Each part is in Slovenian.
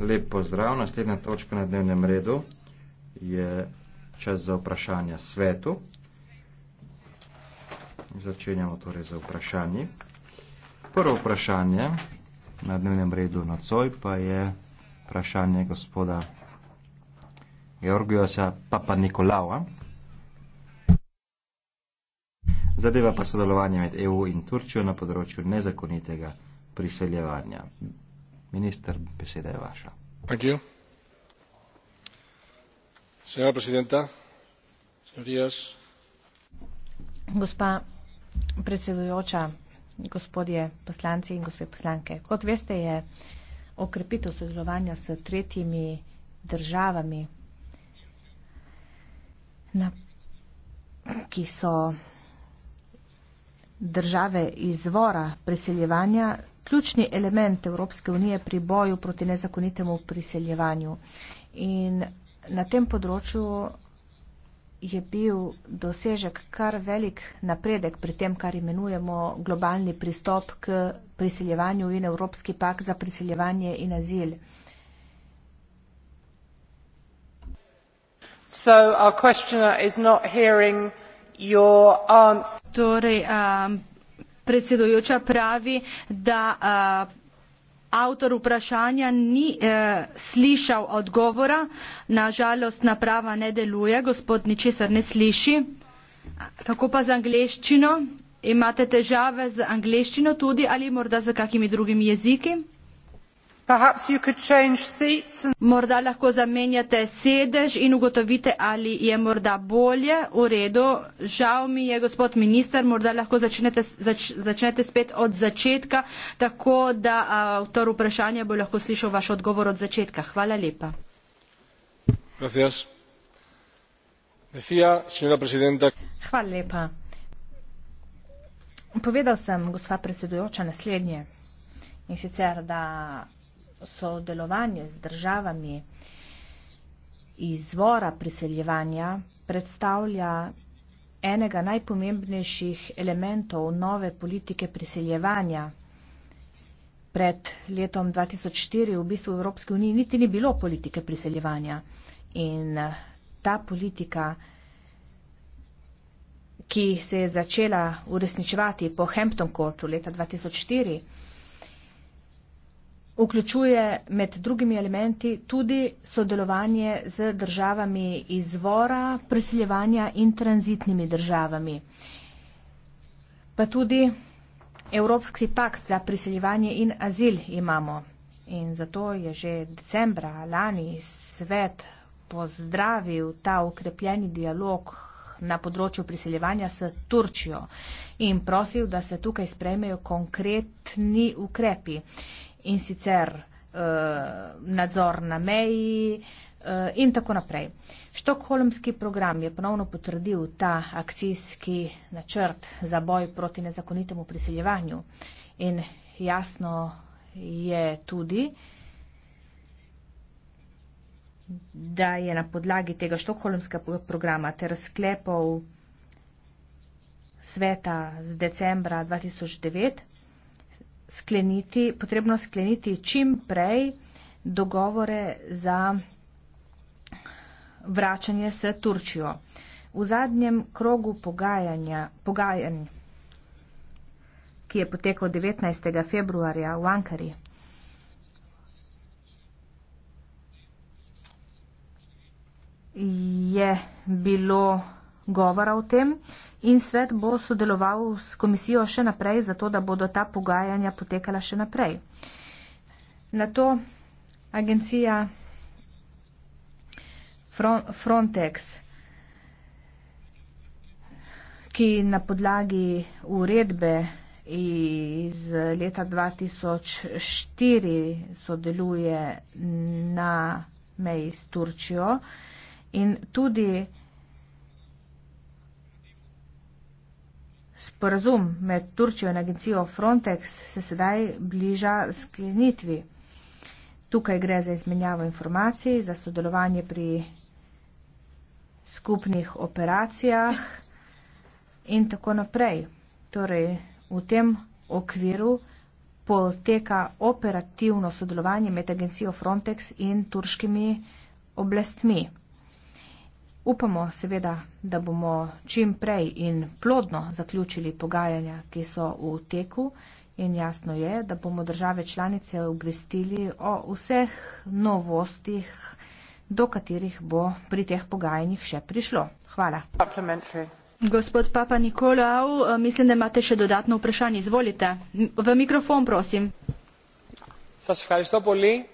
Lep pozdrav. Naslednja točka na dnevnem redu je čas za vprašanja svetu. Začenjamo torej za vprašanje. Prvo vprašanje na dnevnem redu nocoj pa je vprašanje gospoda Georgijosa Papa Nikolaua. Zadeva pa sodelovanje med EU in Turčijo na področju nezakonitega priseljevanja. Minister, beseda je vaša. Thank you. Senora presidenta, senorías. Gospa predsedujoča, gospodje poslanci in gospe poslanke, kot veste je okrepitev sodelovanja s tretjimi državami, na, ki so države izvora preseljevanja ključni element Evropske unije pri boju proti nezakonitemu priseljevanju. In na tem področju je bil dosežek kar velik napredek pri tem, kar imenujemo globalni pristop k priseljevanju in Evropski pak za priseljevanje in azil. So our questioner is not hearing your answer. Torej, um, predsedujoča pravi, da avtor vprašanja ni eh, slišal odgovora, nažalost naprava ne deluje, gospod ničesar ne sliši. Kako pa z angleščino? Imate težave z angleščino tudi ali morda z kakimi drugimi jeziki? morda lahko zamenjate sedež in ugotovite ali je morda bolje v redu žal mi je gospod minister morda lahko začnete, zač, začnete spet od začetka tako da avtor vprašanja bo lahko slišal vaš odgovor od začetka hvala lepa hvala lepa povedal sem gospa predsedujoča naslednje in sicer da sodelovanje z državami izvora priseljevanja predstavlja enega najpomembnejših elementov nove politike priseljevanja. Pred letom 2004 v bistvu v Evropski uniji niti ni bilo politike priseljevanja in ta politika, ki se je začela uresničevati po Hampton Courtu leta 2004, vključuje med drugimi elementi tudi sodelovanje z državami izvora, priseljevanja in tranzitnimi državami. Pa tudi Evropski pakt za priseljevanje in azil imamo. In zato je že decembra lani svet pozdravil ta ukrepljeni dialog na področju priseljevanja s Turčijo in prosil, da se tukaj sprejmejo konkretni ukrepi in sicer uh, nadzor na meji uh, in tako naprej. Štokholmski program je ponovno potrdil ta akcijski načrt za boj proti nezakonitemu priseljevanju in jasno je tudi, da je na podlagi tega štokholmskega programa ter sklepov sveta z decembra 2009 skleniti, potrebno skleniti čim prej dogovore za vračanje s Turčijo. V zadnjem krogu pogajanja, pogajanj, ki je potekal 19. februarja v Ankari, je bilo govora o tem in svet bo sodeloval s komisijo še naprej, zato da bodo ta pogajanja potekala še naprej. Na to agencija Frontex, ki na podlagi uredbe iz leta 2004 sodeluje na meji s Turčijo in tudi Sporazum med Turčijo in agencijo Frontex se sedaj bliža sklenitvi. Tukaj gre za izmenjavo informacij, za sodelovanje pri skupnih operacijah in tako naprej. Torej, v tem okviru poteka operativno sodelovanje med agencijo Frontex in turškimi oblastmi. Upamo seveda, da bomo čim prej in plodno zaključili pogajanja, ki so v teku in jasno je, da bomo države članice obvestili o vseh novostih, do katerih bo pri teh pogajanjih še prišlo. Hvala. Gospod Papa Nikolau, eh, mislim, da imate še dodatno vprašanje. Izvolite. V mikrofon, prosim. Zahvaljujem.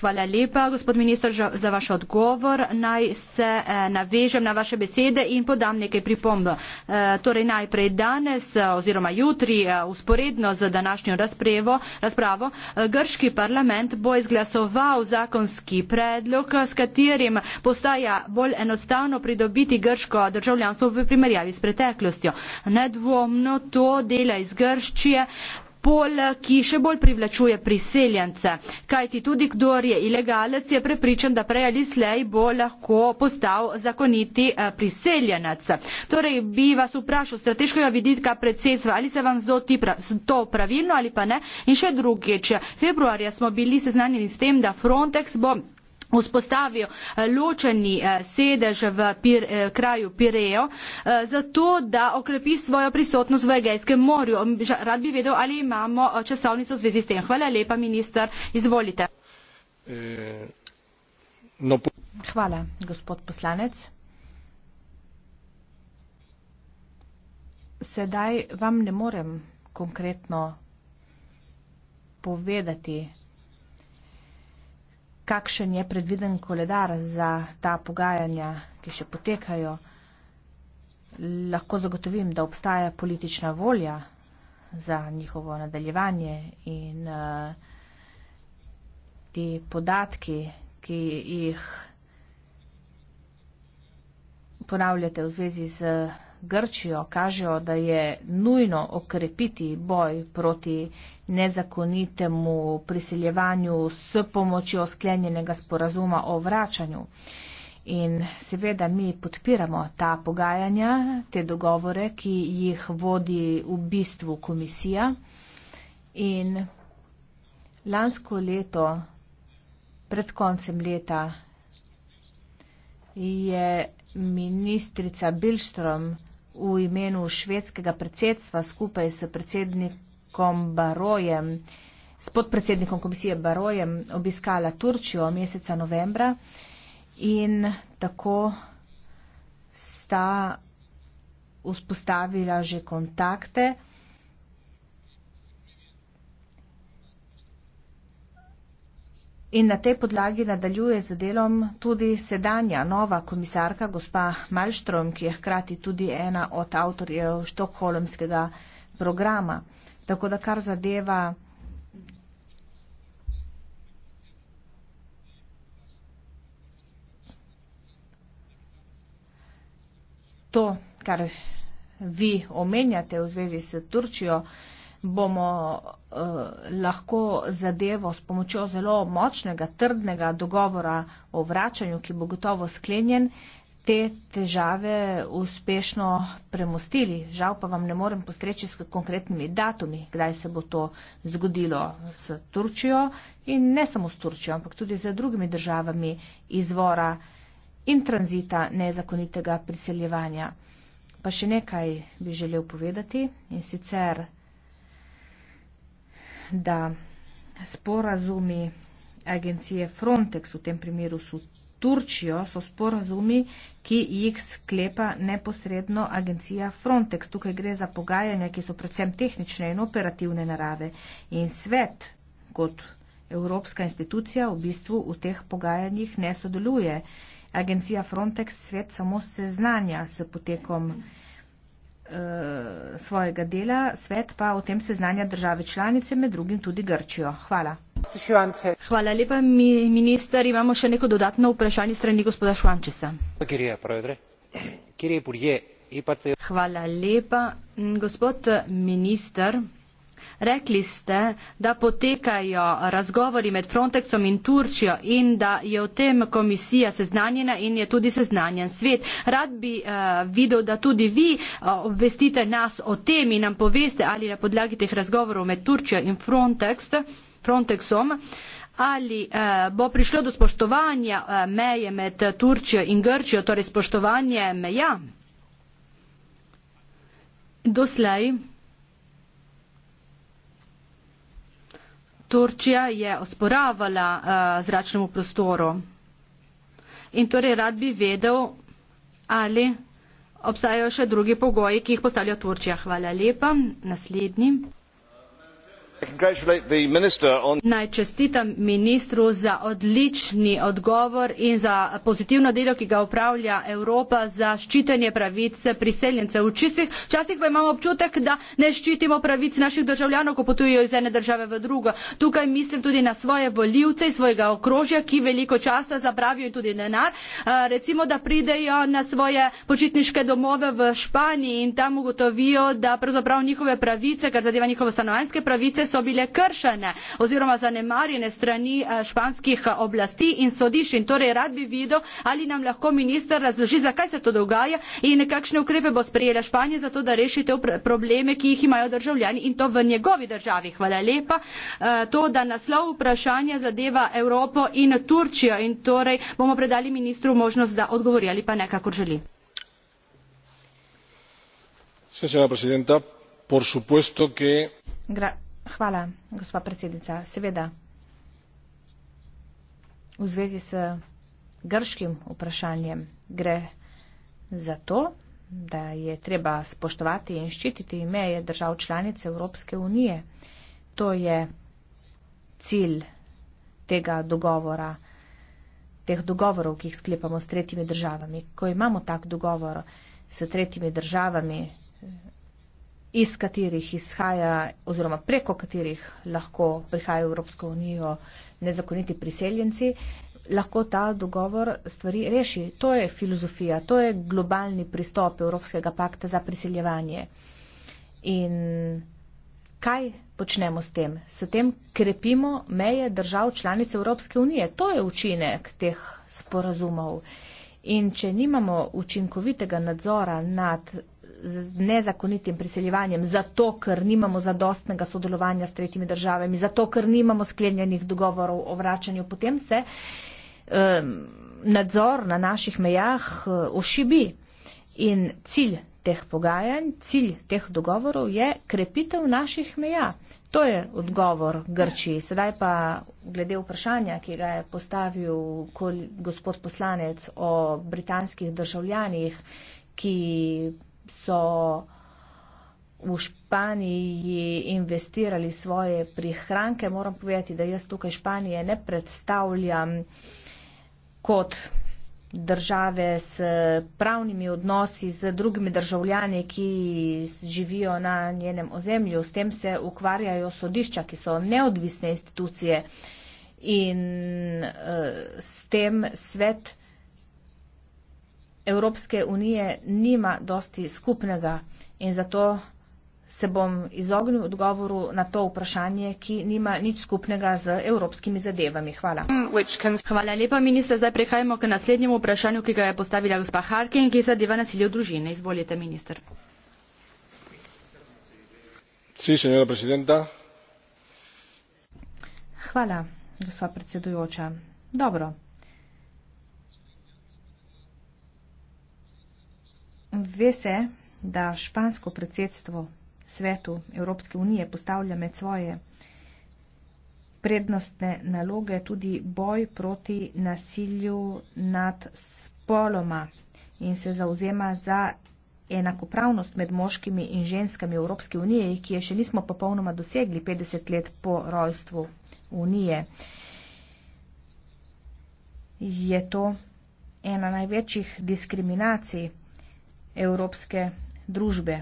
Hvala lepa, gospod minister, za vaš odgovor. Naj se eh, navežem na vaše besede in podam nekaj pripomb. Eh, torej najprej danes eh, oziroma jutri, usporedno z današnjo razprevo, razpravo, grški parlament bo izglasoval zakonski predlog, s katerim postaja bolj enostavno pridobiti grško državljanstvo v primerjavi s preteklostjo. Nedvomno to dela iz Grščije pol, ki še bolj privlačuje priseljence. Kajti tudi kdor je ilegalec, je prepričan, da prej ali slej bo lahko postal zakoniti eh, priseljenec. Torej bi vas vprašal strateškega viditka predsedstva, ali se vam zdoti to pravilno ali pa ne. In še drugič, februarja smo bili seznanjeni s tem, da Frontex bo vzpostavijo eh, ločeni eh, sedež v pir, eh, kraju Pirejo, zato da okrepi svojo prisotnost v Egejskem morju. Rad bi vedel, ali imamo časovnico v zvezi s tem. Hvala lepa, minister. Izvolite. No, Hvala, gospod poslanec. Sedaj vam ne morem konkretno povedati, kakšen je predviden koledar za ta pogajanja, ki še potekajo. Lahko zagotovim, da obstaja politična volja za njihovo nadaljevanje in eh, ti podatki, ki jih ponavljate v zvezi z Grčijo, kažejo, da je nujno okrepiti boj proti nezakonitemu priseljevanju s pomočjo sklenjenega sporazuma o vračanju. In seveda mi podpiramo ta pogajanja, te dogovore, ki jih vodi v bistvu komisija. In lansko leto, pred koncem leta, je ministrica Bilštrom v imenu švedskega predsedstva skupaj s predsednikom predsednikom Barojem, s podpredsednikom komisije Barojem obiskala Turčijo meseca novembra in tako sta vzpostavila že kontakte. In na tej podlagi nadaljuje z delom tudi sedanja nova komisarka, gospa Malštrom, ki je hkrati tudi ena od avtorjev štokholmskega programa. Tako da kar zadeva to, kar vi omenjate v zvezi s Turčijo, bomo eh, lahko zadevo s pomočjo zelo močnega, trdnega dogovora o vračanju, ki bo gotovo sklenjen, eh, te težave uspešno premostili. Žal pa vam ne morem postreči s konkretnimi datumi, kdaj se bo to zgodilo s Turčijo in ne samo s Turčijo, ampak tudi z drugimi državami izvora in tranzita nezakonitega priseljevanja. Pa še nekaj bi želel povedati in sicer, da sporazumi agencije Frontex v tem primeru so Turčijo so sporazumi, ki jih sklepa neposredno agencija Frontex. Tukaj gre za pogajanja, ki so predvsem tehnične in operativne narave. In svet kot evropska institucija v bistvu v teh pogajanjih ne sodeluje. Agencija Frontex svet samo seznanja s potekom. Mhm. Eh, svojega dela, svet pa o tem seznanja države članice, med drugim tudi Grčijo. Hvala. Hvala lepa, mi, minister. Imamo še neko dodatno vprašanje strani gospoda Švančesa. Hvala lepa, gospod minister. Rekli ste, da potekajo razgovori med Frontexom in Turčijo in da je v tem komisija seznanjena in je tudi seznanjen svet. Rad bi uh, videl, da tudi vi uh, obvestite nas o tem in nam poveste, ali na podlagi teh razgovorov med Turčijo in Frontex, Frontexom, ali uh, bo prišlo do spoštovanja uh, meje med Turčijo in Grčijo, torej spoštovanje meja. Doslej. Turčija je osporavala uh, zračnemu prostoru. In torej rad bi vedel, ali obstajajo še drugi pogoji, ki jih postavlja Turčija. Hvala lepa. Naslednji. Naj čestitam ministru za odlični odgovor in za pozitivno delo, ki ga upravlja Evropa za ščitenje pravic priseljencev. Včasih pa imamo občutek, da ne ščitimo pravic naših državljanov, ko potujejo iz ene države v drugo. Tukaj mislim tudi na svoje voljivce iz svojega okrožja, ki veliko časa zabravijo in tudi denar. Recimo, da pridejo na svoje počitniške domove v Španiji in tam ugotovijo, da pravzaprav njihove pravice, kar zadeva njihove stanovanske pravice, so bile kršene oziroma zanemarjene strani eh, španskih eh, oblasti in sodiš. In torej rad bi videl, ali nam lahko minister razloži, zakaj se to dogaja in kakšne ukrepe bo sprejela Španija za to, da rešite probleme, ki jih imajo državljani in to v njegovi državi. Hvala lepa. Eh, to, da naslov vprašanja zadeva Evropo in Turčijo in torej bomo predali ministru možnost, da odgovori ali pa nekako želi. Sí, señora presidenta, por supuesto que. Gra Hvala, gospa predsednica. Seveda, v zvezi s grškim vprašanjem gre za to, da je treba spoštovati in ščititi meje držav članice Evropske unije. To je cilj tega dogovora, teh dogovorov, ki jih sklepamo s tretjimi državami. Ko imamo tak dogovor s tretjimi državami, iz katerih izhaja oziroma preko katerih lahko prihajajo v Evropsko unijo nezakoniti priseljenci, lahko ta dogovor stvari reši. To je filozofija, to je globalni pristop Evropskega pakta za priseljevanje. In kaj počnemo s tem? S tem krepimo meje držav članic Evropske unije. To je učinek teh sporazumov. In če nimamo učinkovitega nadzora nad z nezakonitim priseljevanjem, zato ker nimamo zadostnega sodelovanja s tretjimi državami, zato ker nimamo sklenjenih dogovorov o vračanju, potem se um, nadzor na naših mejah e, ošibi. In cilj teh pogajanj, cilj teh dogovorov je krepitev naših meja. To je odgovor Grčiji. Sedaj pa glede vprašanja, ki ga je postavil gospod poslanec o britanskih državljanih, ki so v Španiji investirali svoje prihranke. Moram povedati, da jaz tukaj Španije ne predstavljam kot države s pravnimi odnosi z drugimi državljani, ki živijo na njenem ozemlju. S tem se ukvarjajo sodišča, ki so neodvisne institucije in uh, s tem svet. Evropske unije nima dosti skupnega in zato se bom izognil odgovoru na to vprašanje, ki nima nič skupnega z evropskimi zadevami. Hvala. Hvala lepa, minister. Zdaj prehajamo k naslednjemu vprašanju, ki ga je postavila gospa Harkin, ki zadeva nasilje v družini. Izvolite, minister. Sí, señora presidenta. Hvala, gospa predsedujoča. Dobro. ve se, da špansko predsedstvo svetu Evropske unije postavlja med svoje prednostne naloge tudi boj proti nasilju nad spoloma in se zauzema za enakopravnost med moškimi in ženskami Evropske unije, ki je še nismo popolnoma dosegli 50 let po rojstvu unije. Je to ena največjih diskriminacij evropske družbe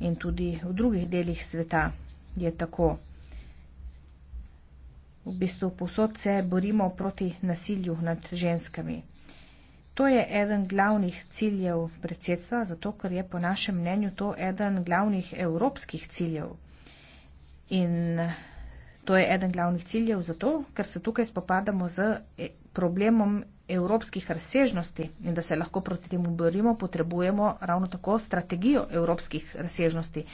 in tudi v drugih delih sveta je tako. V bistvu posod se borimo proti nasilju nad ženskami. To je eden glavnih ciljev predsedstva, zato ker je po našem mnenju to eden glavnih evropskih ciljev. In to je eden glavnih ciljev zato, ker se tukaj spopadamo z e, problemom evropskih razsežnosti in da se lahko proti temu borimo, potrebujemo ravno tako strategijo evropskih razsežnosti.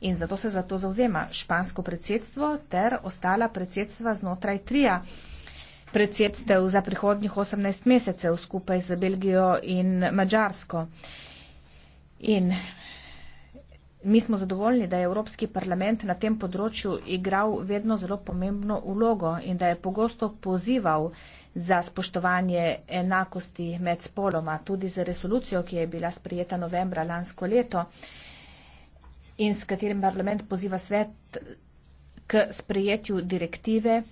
In zato se za to zauzema špansko predsedstvo ter ostala predsedstva znotraj trija predsedstev za prihodnjih 18 mesecev skupaj z Belgijo in Mačarsko. In mi smo zadovoljni, da je Evropski parlament na tem področju igral vedno zelo pomembno ulogo in da je pogosto pozival za spoštovanje enakosti med spoloma, tudi za resolucijo, ki je bila sprejeta novembra lansko leto in s katerim parlament poziva svet k sprejetju direktive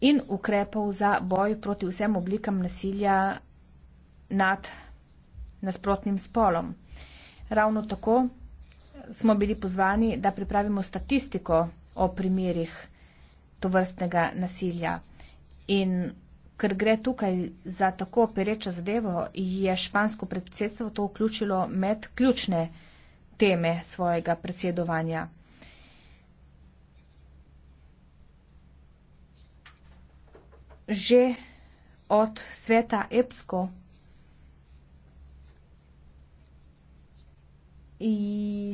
in ukrepov za boj proti vsem oblikam nasilja nad nasprotnim spolom. Ravno tako smo bili pozvani, da pripravimo statistiko o primerih tovrstnega nasilja in ker gre tukaj za tako perečo zadevo, je špansko predsedstvo to vključilo med ključne teme svojega predsedovanja. Že od sveta EPSCO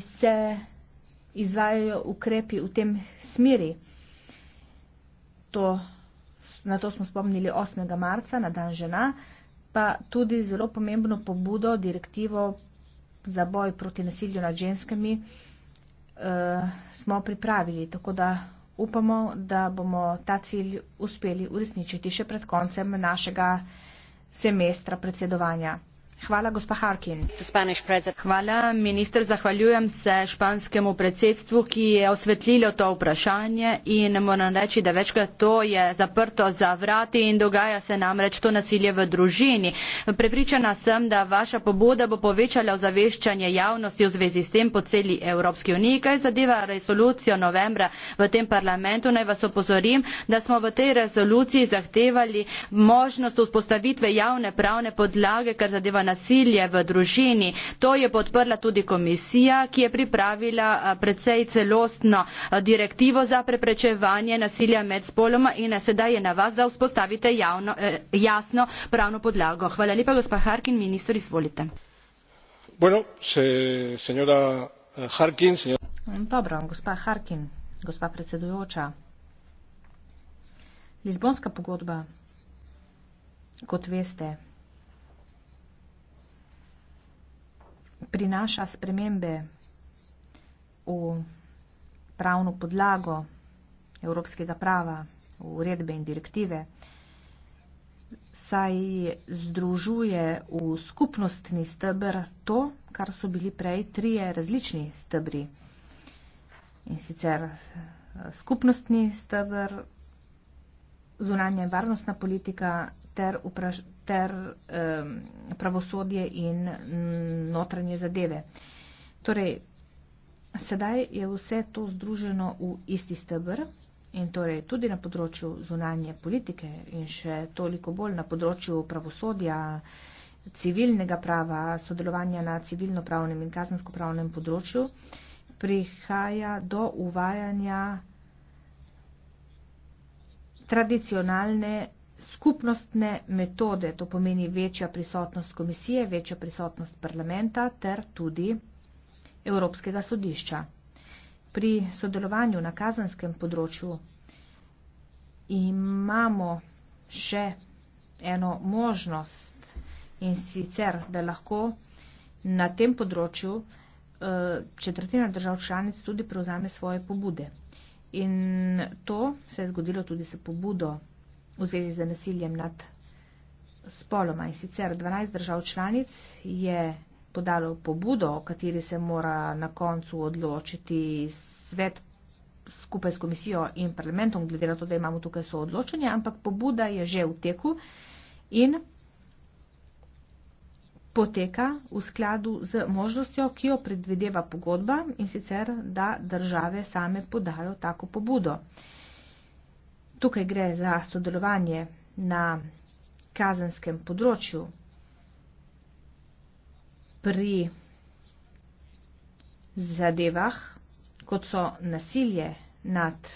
se izvajajo ukrepi v tem smeri. To Na to smo spomnili 8. marca, na dan žena, pa tudi zelo pomembno pobudo, direktivo za boj proti nasilju nad ženskami eh, smo pripravili. Tako da upamo, da bomo ta cilj uspeli uresničiti še pred koncem našega semestra predsedovanja. Hvala, gospa Harkin. Hvala, minister. Zahvaljujem se španskemu predsedstvu, ki je osvetlilo to vprašanje in moram reči, da večkrat to je zaprto za vrati in dogaja se namreč to nasilje v družini. Prepričana sem, da vaša pobuda bo povečala ozaveščanje javnosti v zvezi s tem po celi Evropski uniji. Kaj zadeva resolucijo novembra v tem parlamentu, naj vas opozorim, da smo v tej resoluciji zahtevali možnost vzpostavitve javne pravne podlage, kar zadeva nasilje v družini. To je podprla tudi komisija, ki je pripravila precej celostno direktivo za preprečevanje nasilja med spoloma in sedaj je na vas, da vzpostavite javno, e, jasno pravno podlago. Hvala lepa, gospa Harkin, ministr, izvolite. Bueno, se, señora eh, Harkin, señora... Dobro, gospa Harkin, gospa predsedujoča. Lizbonska pogodba, kot veste, prinaša spremembe v pravno podlago evropskega prava, v uredbe in direktive, saj združuje v skupnostni stebr to, kar so bili prej trije različni stebri. In sicer eh, skupnostni stebr, zunanja in varnostna politika ter, upraž, ter um, pravosodje in notranje zadeve. Torej, sedaj je vse to združeno v isti stebr in torej tudi na področju zunanje politike in še toliko bolj na področju pravosodja, civilnega prava, sodelovanja na civilno-pravnem in kazensko-pravnem področju prihaja do uvajanja tradicionalne skupnostne metode, to pomeni večja prisotnost komisije, večja prisotnost parlamenta ter tudi Evropskega sodišča. Pri sodelovanju na kazanskem področju imamo še eno možnost in sicer, da lahko na tem področju eh, četrtina držav članic tudi prevzame svoje pobude. In to se je zgodilo tudi s pobudo v zvezi z nasiljem nad spoloma. In sicer 12 držav članic je podalo pobudo, o kateri se mora na koncu odločiti svet skupaj s komisijo in parlamentom, glede na to, da imamo tukaj soodločanje, ampak pobuda je že v teku in poteka v skladu z možnostjo, ki jo predvedeva pogodba in sicer, da države same podajo tako pobudo. Tukaj gre za sodelovanje na kazenskem področju pri zadevah, kot so nasilje nad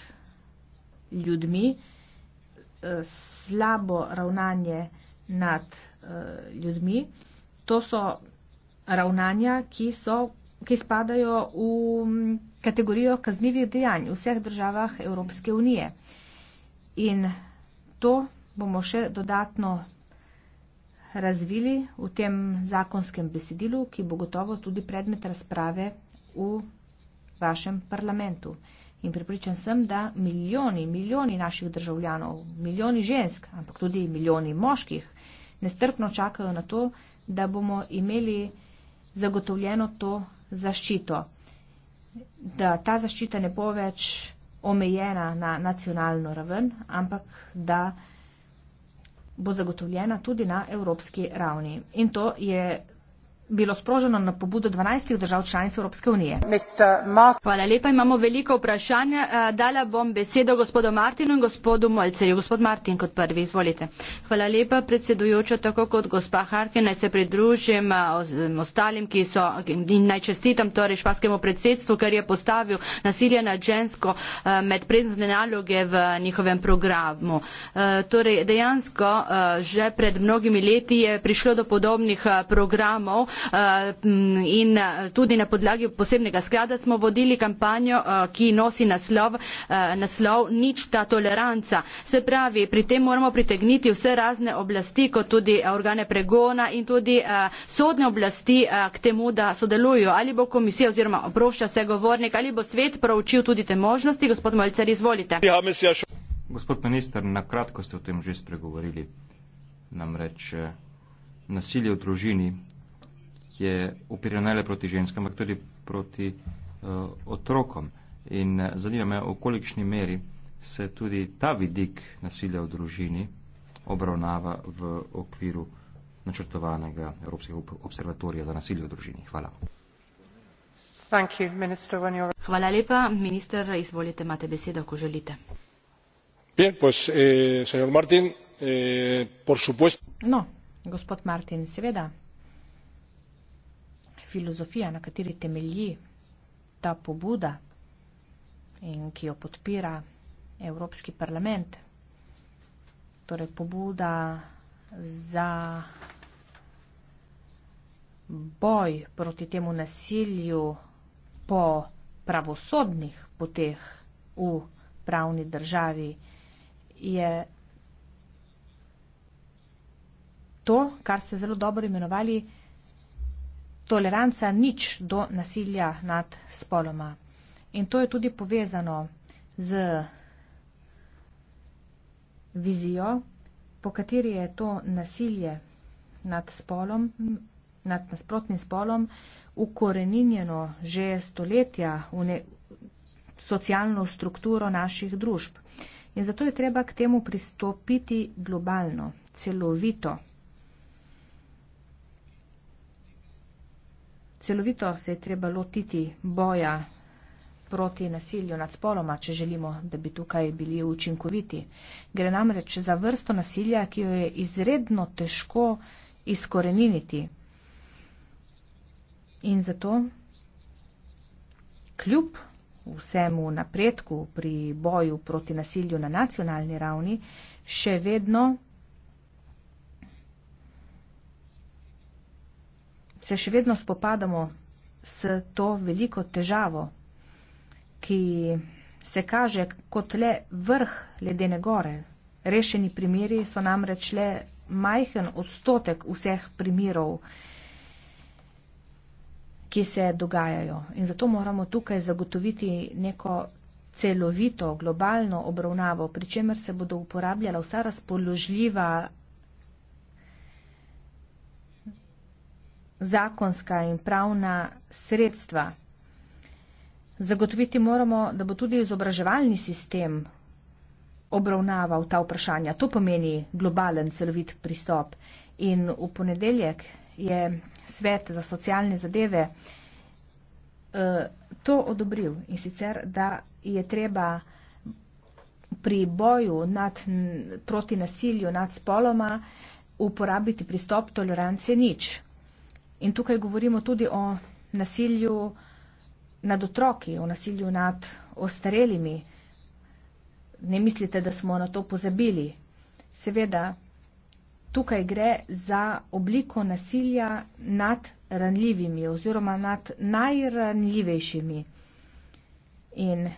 ljudmi, eh, slabo ravnanje nad eh, ljudmi, to so ravnanja, ki, so, ki spadajo v mm, kategorijo kaznivih dejanj v vseh državah Evropske unije. In to bomo še dodatno razvili v tem zakonskem besedilu, ki bo gotovo tudi predmet razprave v vašem parlamentu. In pripričan sem, da milijoni, milijoni naših državljanov, milijoni žensk, ampak tudi milijoni moških, nestrpno čakajo na to, da bomo imeli zagotovljeno to zaščito, da ta zaščita ne bo več omejena na nacionalno raven, ampak da bo zagotovljena tudi na evropski ravni. In to je bilo sproženo na pobudo 12 držav članic Evropske unije. Hvala lepa, imamo veliko vprašanj. Eh, dala bom besedo gospodu Martinu in gospodu Molcerju. Gospod Martin kot prvi, izvolite. Hvala lepa, predsedujoča, tako kot gospa Harke, naj se pridružim eh, ostalim, ki so in naj čestitam torej švaskemu predsedstvu, ker je postavil nasilje nad žensko eh, med prednostne naloge v njihovem programu. Torej, dejansko že pred mnogimi leti je prišlo do podobnih programov, Eh, mm, in eh, tudi na podlagi posebnega sklada smo vodili kampanjo, eh, ki nosi naslov, naslov Nič ta toleranca. Se pravi, pri tem moramo pritegniti vse razne oblasti, kot tudi organe pregona in tudi sodne oblasti k temu, da sodelujo. Ali bo komisija oziroma oprošča se govornik, ali bo svet proučil tudi te možnosti. Gospod Malcer, izvolite. Ja, ja, Gospod minister, na kratko ste o tem že spregovorili. Namreč nasilje v družini je upirjen ne le proti ženskam, ampak tudi proti uh, otrokom. In eh, zanima me, v kolikšni meri se tudi ta vidik nasilja v družini obravnava v okviru načrtovanega Evropskega observatorija za nasilje v družini. Hvala. Hvala lepa. Minister, izvolite, imate besedo, ko želite. Bien, pues, eh, señor Martin, eh, por supuesto. No, gospod Martin, seveda filozofija, na kateri temelji ta pobuda in ki jo podpira Evropski parlament, torej pobuda za boj proti temu nasilju po pravosodnih poteh v pravni državi, je to, kar ste zelo dobro imenovali, toleranca nič do nasilja nad spoloma. In to je tudi povezano z vizijo, po kateri je to nasilje nad spolom, nad nasprotnim spolom, ukoreninjeno že stoletja v ne, socialno strukturo naših družb. In zato je treba k temu pristopiti globalno, celovito. celovito se je treba lotiti boja proti nasilju nad spoloma, če želimo, da bi tukaj bili učinkoviti. Gre namreč za vrsto nasilja, ki jo je izredno težko izkoreniniti. In zato kljub vsemu napredku pri boju proti nasilju na nacionalni ravni, še vedno se še vedno spopadamo s to veliko težavo, ki se kaže kot le vrh ledene gore. Rešeni primeri so namreč le majhen odstotek vseh primerov, ki se dogajajo. In zato moramo tukaj zagotoviti neko celovito, globalno obravnavo, pri čemer se bodo uporabljala vsa razpoložljiva zakonska in pravna sredstva. Zagotoviti moramo, da bo tudi izobraževalni sistem obravnaval ta vprašanja. To pomeni globalen, celovit pristop. In v ponedeljek je Svet za socialne zadeve eh, to odobril in sicer, da je treba pri boju nad, proti nasilju nad spoloma uporabiti pristop tolerancije nič. In tukaj govorimo tudi o nasilju nad otroki, o nasilju nad ostarelimi. Ne mislite, da smo na to pozabili. Seveda, tukaj gre za obliko nasilja nad ranljivimi oziroma nad najranljivejšimi. In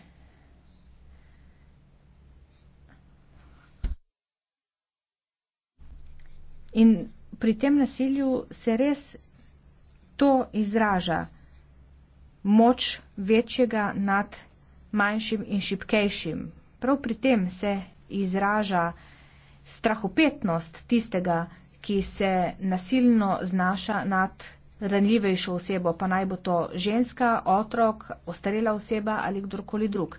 In pri tem nasilju se res to izraža moč večjega nad manjšim in šipkejšim. Prav pri tem se izraža strahopetnost tistega, ki se nasilno znaša nad ranljivejšo osebo, pa naj bo to ženska, otrok, ostarela oseba ali kdorkoli drug.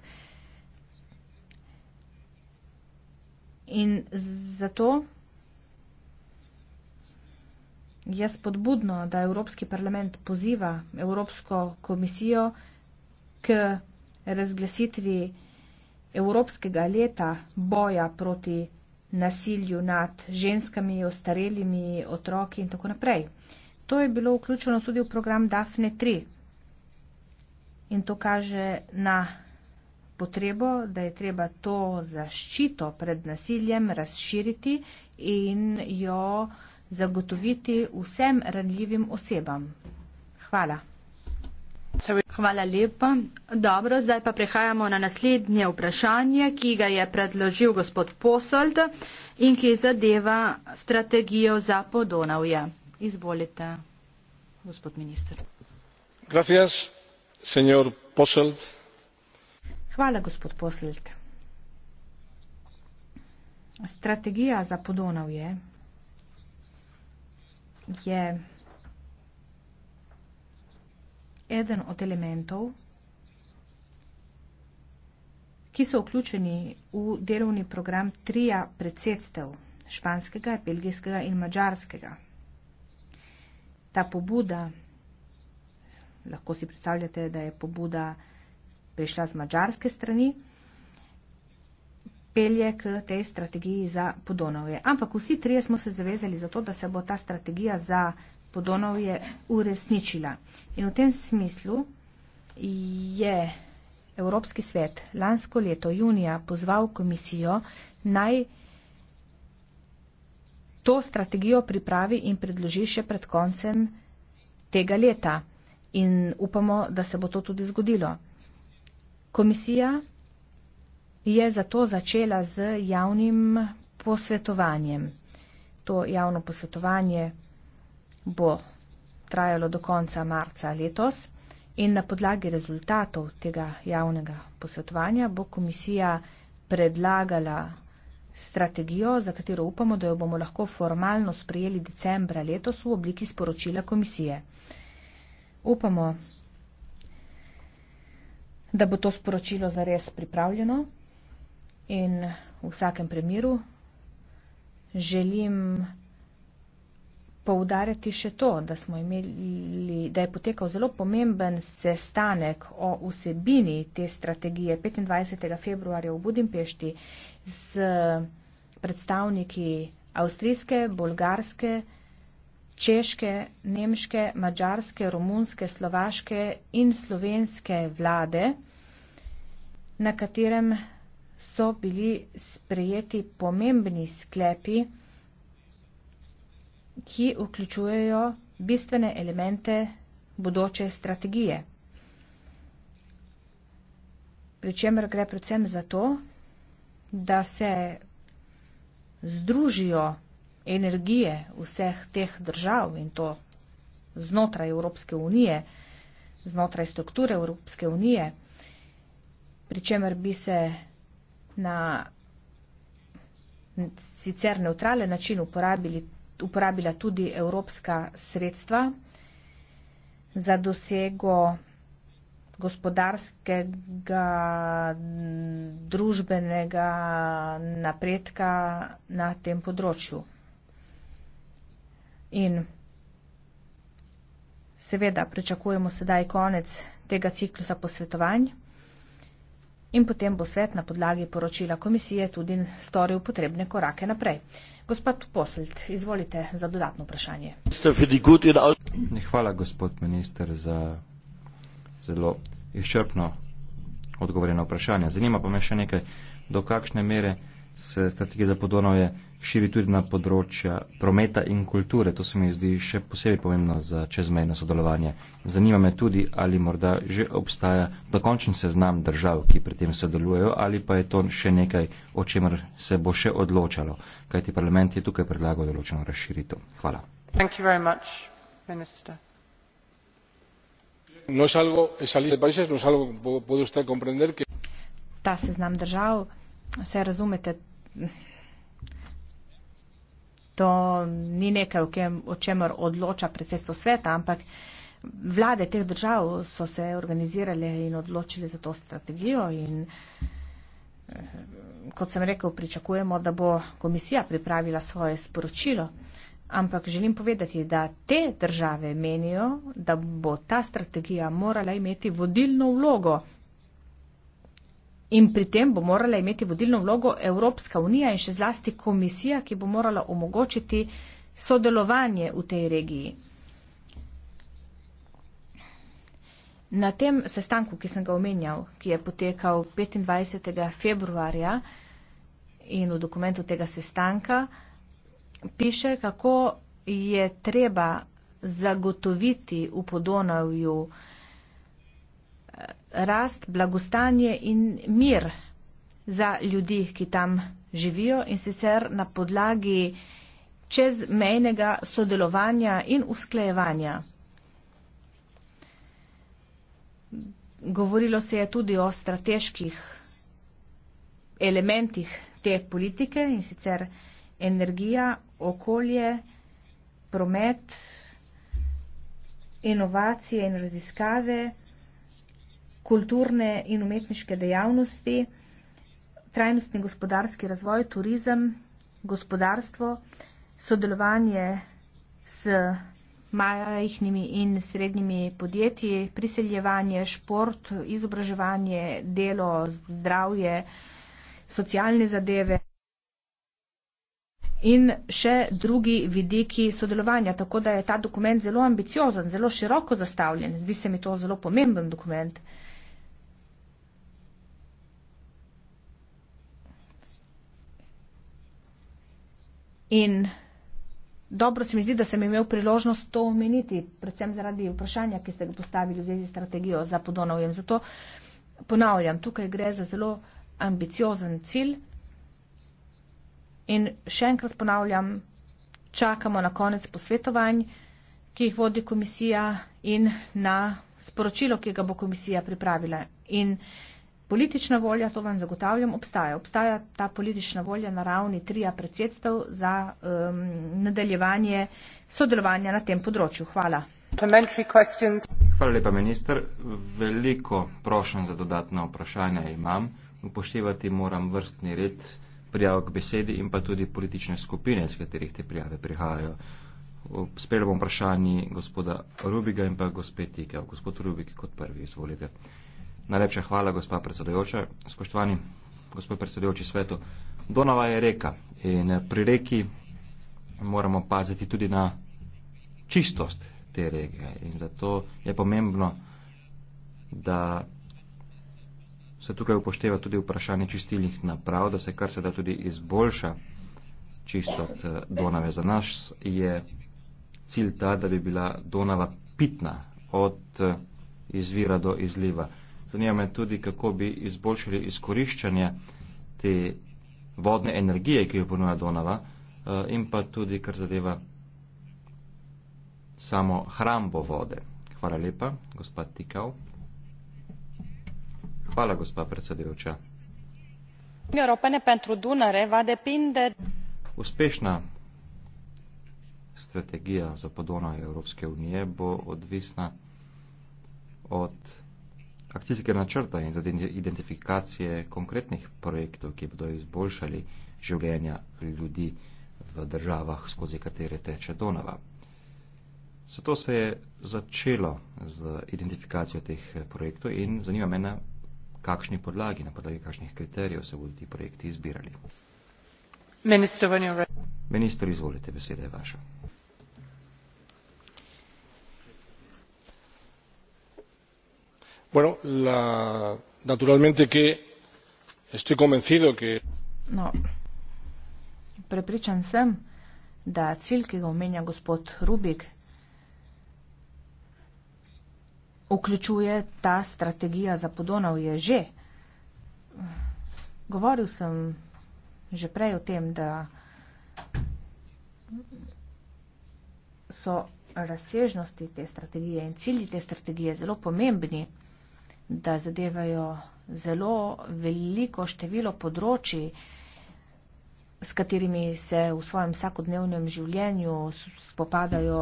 In zato je spodbudno, da Evropski parlament poziva Evropsko komisijo k razglasitvi Evropskega leta boja proti nasilju nad ženskami, ostarelimi, otroki in tako naprej. To je bilo vključeno tudi v program DAFNE 3 in to kaže na potrebo, da je treba to zaščito pred nasiljem razširiti in jo uh, zagotoviti vsem ranljivim osebam. Hvala. Hvala lepa. Dobro, zdaj pa prehajamo na naslednje vprašanje, ki ga je predložil gospod Posold in ki zadeva strategijo za Podonavje. Izvolite, gospod minister. Gracias, senor Posold. Hvala, gospod Posold. Strategija za Podonavje je eden od elementov, ki so vključeni v delovni program trija predsedstev španskega, belgijskega in mađarskega. Ta pobuda, lahko si predstavljate, da je pobuda prišla z mađarske strani, pelje k tej strategiji za Podonovje. Ampak vsi trije smo se zavezali za to, da se bo ta strategija za Podonovje uresničila. In v tem smislu je Evropski svet lansko leto junija pozval komisijo naj to strategijo pripravi in predloži še pred koncem tega leta. In upamo, da se bo to tudi zgodilo. Komisija je zato začela z javnim posvetovanjem. To javno posvetovanje bo trajalo do konca marca letos in na podlagi rezultatov tega javnega posvetovanja bo komisija predlagala strategijo, za katero upamo, da jo bomo lahko formalno sprejeli decembra letos v obliki sporočila komisije. Upamo, da bo to sporočilo zares pripravljeno. In v vsakem primeru želim poudarjati še to, da, imeli, da je potekal zelo pomemben sestanek o vsebini te strategije 25. februarja v Budimpešti z predstavniki avstrijske, bolgarske, češke, nemške, mađarske, romunske, slovaške in slovenske vlade, na katerem so bili sprejeti pomembni sklepi, ki vključujejo bistvene elemente bodoče strategije. Pričemer gre predvsem za to, da se združijo energije vseh teh držav in to znotraj Evropske unije, znotraj strukture Evropske unije, pričemer bi se na sicer neutralen način uporabili, uporabila tudi evropska sredstva za dosego gospodarskega, družbenega napredka na tem področju. In seveda pričakujemo sedaj konec tega ciklusa posvetovanj in potem bo svet na podlagi poročila komisije tudi storil potrebne korake naprej. Gospod Poselt, izvolite za dodatno vprašanje. Hvala, gospod minister, za zelo izčrpno odgovorjeno vprašanje. Zanima pa me še nekaj, do kakšne mere se strategija za podonovje širi tudi na področja prometa in kulture. To se mi zdi še posebej pomembno za čezmejno sodelovanje. Zanima me tudi, ali morda že obstaja dokončen seznam držav, ki pri tem sodelujejo, ali pa je to še nekaj, o čemer se bo še odločalo, kajti parlament je tukaj predlagal določeno razširitev. Hvala. No no Ta seznam držav, vse razumete, To ni nekaj, o, kem, o čemer odloča predsedstvo sveta, ampak vlade teh držav so se organizirale in odločile za to strategijo. In, eh, kot sem rekel, pričakujemo, da bo komisija pripravila svoje sporočilo. Ampak želim povedati, da te države menijo, da bo ta strategija morala imeti vodilno vlogo In pri tem bo morala imeti vodilno vlogo Evropska unija in še zlasti komisija, ki bo morala omogočiti sodelovanje v tej regiji. Na tem sestanku, ki sem ga omenjal, ki je potekal 25. februarja in v dokumentu tega sestanka, piše, kako je treba zagotoviti v Podonavju rast, blagostanje in mir za ljudi, ki tam živijo in sicer na podlagi čezmejnega sodelovanja in usklejevanja. Govorilo se je tudi o strateških elementih te politike in sicer energija, okolje, promet, inovacije in raziskave kulturne in umetniške dejavnosti, trajnostni gospodarski razvoj, turizem, gospodarstvo, sodelovanje s majhnimi in srednjimi podjetji, priseljevanje, šport, izobraževanje, delo, zdravje, socialne zadeve. In še drugi vidiki sodelovanja, tako da je ta dokument zelo ambiciozen, zelo široko zastavljen. Zdi se mi to zelo pomemben dokument. In dobro se mi zdi, da sem imel priložnost to omeniti, predvsem zaradi vprašanja, ki ste ga postavili v zvezi s strategijo za podonovjem. Zato ponavljam, tukaj gre za zelo ambiciozen cilj. In še enkrat ponavljam, čakamo na konec posvetovanj, ki jih vodi komisija in na sporočilo, ki ga bo komisija pripravila. In Politična volja, to vam zagotavljam, obstaja. Obstaja ta politična volja na ravni trija predsedstv za um, nadaljevanje sodelovanja na tem področju. Hvala. Hvala lepa, minister. Veliko prošen za dodatna vprašanja imam. Upoštevati moram vrstni red prijav k besedi in pa tudi politične skupine, z katerih te prijave prihajajo. Sprejel bom vprašanje gospoda Rubiga in pa gospod Tikev. Gospod Rubik kot prvi, izvolite. Najlepša hvala, gospa predsedojoča. Spoštovani gospod predsedojoči svetu, Donava je reka in eh, pri reki moramo paziti tudi na čistost te rege in zato je pomembno, da se tukaj upošteva tudi vprašanje čistilnih naprav, da se kar se da tudi izboljša čistot eh, Donave. Za nas je cilj ta, da bi bila Donava pitna od eh, izvira do izliva. Zanima me tudi, kako bi izboljšali izkoriščanje te vodne energije, ki jo ponuja Donava, eh, in pa tudi, kar zadeva samo hrambo vode. Hvala lepa, gospod Tikal. Hvala, gospod predsedujoča. Uspešna strategija za podonaj Evropske unije bo odvisna od akcijske načrte in tudi identifikacije konkretnih projektov, ki bodo izboljšali življenja ljudi v državah, skozi katere teče Donava. Zato se je začelo z identifikacijo teh eh, projektov in zanima me, na kakšni podlagi, na podlagi kakšnih kriterijev se bodo ti projekti izbirali. Minister, izvolite, beseda je vaša. naturalmente que estoy convencido que no prepričan sem da cilj ki ga omenja gospod Rubik vključuje ta strategija za Podonavje že govoril sem že prej o tem da so razsežnosti te strategije in cilji te strategije zelo pomembni da zadevajo zelo veliko število področji, s katerimi se v svojem vsakodnevnem življenju spopadajo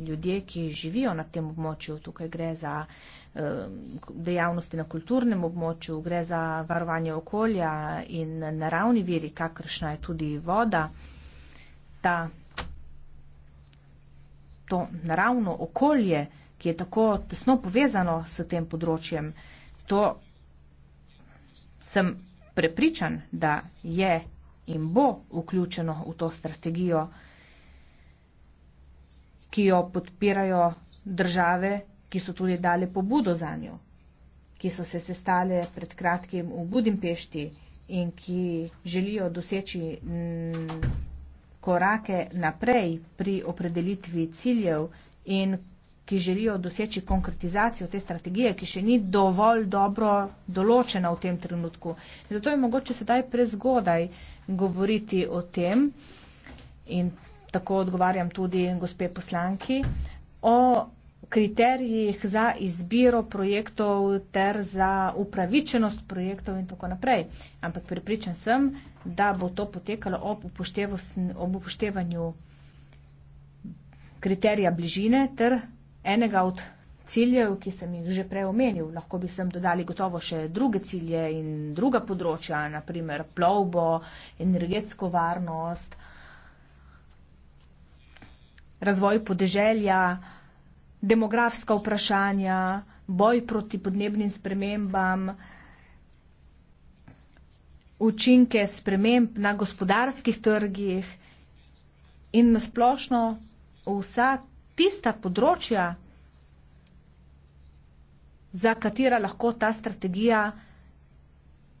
ljudje, ki živijo na tem območju. Tukaj gre za um, dejavnosti na kulturnem območju, gre za varovanje okolja in naravni viri, kakršna je tudi voda. Ta, to naravno okolje, ki je tako tesno povezano s tem področjem, to sem prepričan, da je in bo vključeno v to strategijo, ki jo podpirajo države, ki so tudi dale pobudo za njo, ki so se sestale pred kratkim v Budimpešti in ki želijo doseči mm, korake naprej pri opredelitvi ciljev in ki želijo doseči konkretizacijo te strategije, ki še ni dovolj dobro določena v tem trenutku. Zato je mogoče sedaj prezgodaj govoriti o tem in tako odgovarjam tudi gospe poslanki o kriterijih za izbiro projektov ter za upravičenost projektov in tako naprej. Ampak pripričan sem, da bo to potekalo ob, ob upoštevanju kriterija bližine ter enega od ciljev, ki sem jih že prej omenil. Lahko bi sem dodali gotovo še druge cilje in druga področja, naprimer plovbo, energetsko varnost, razvoj podeželja, demografska vprašanja, boj proti podnebnim spremembam, učinke sprememb na gospodarskih trgih in nasplošno vsak tista področja, za katera lahko ta strategija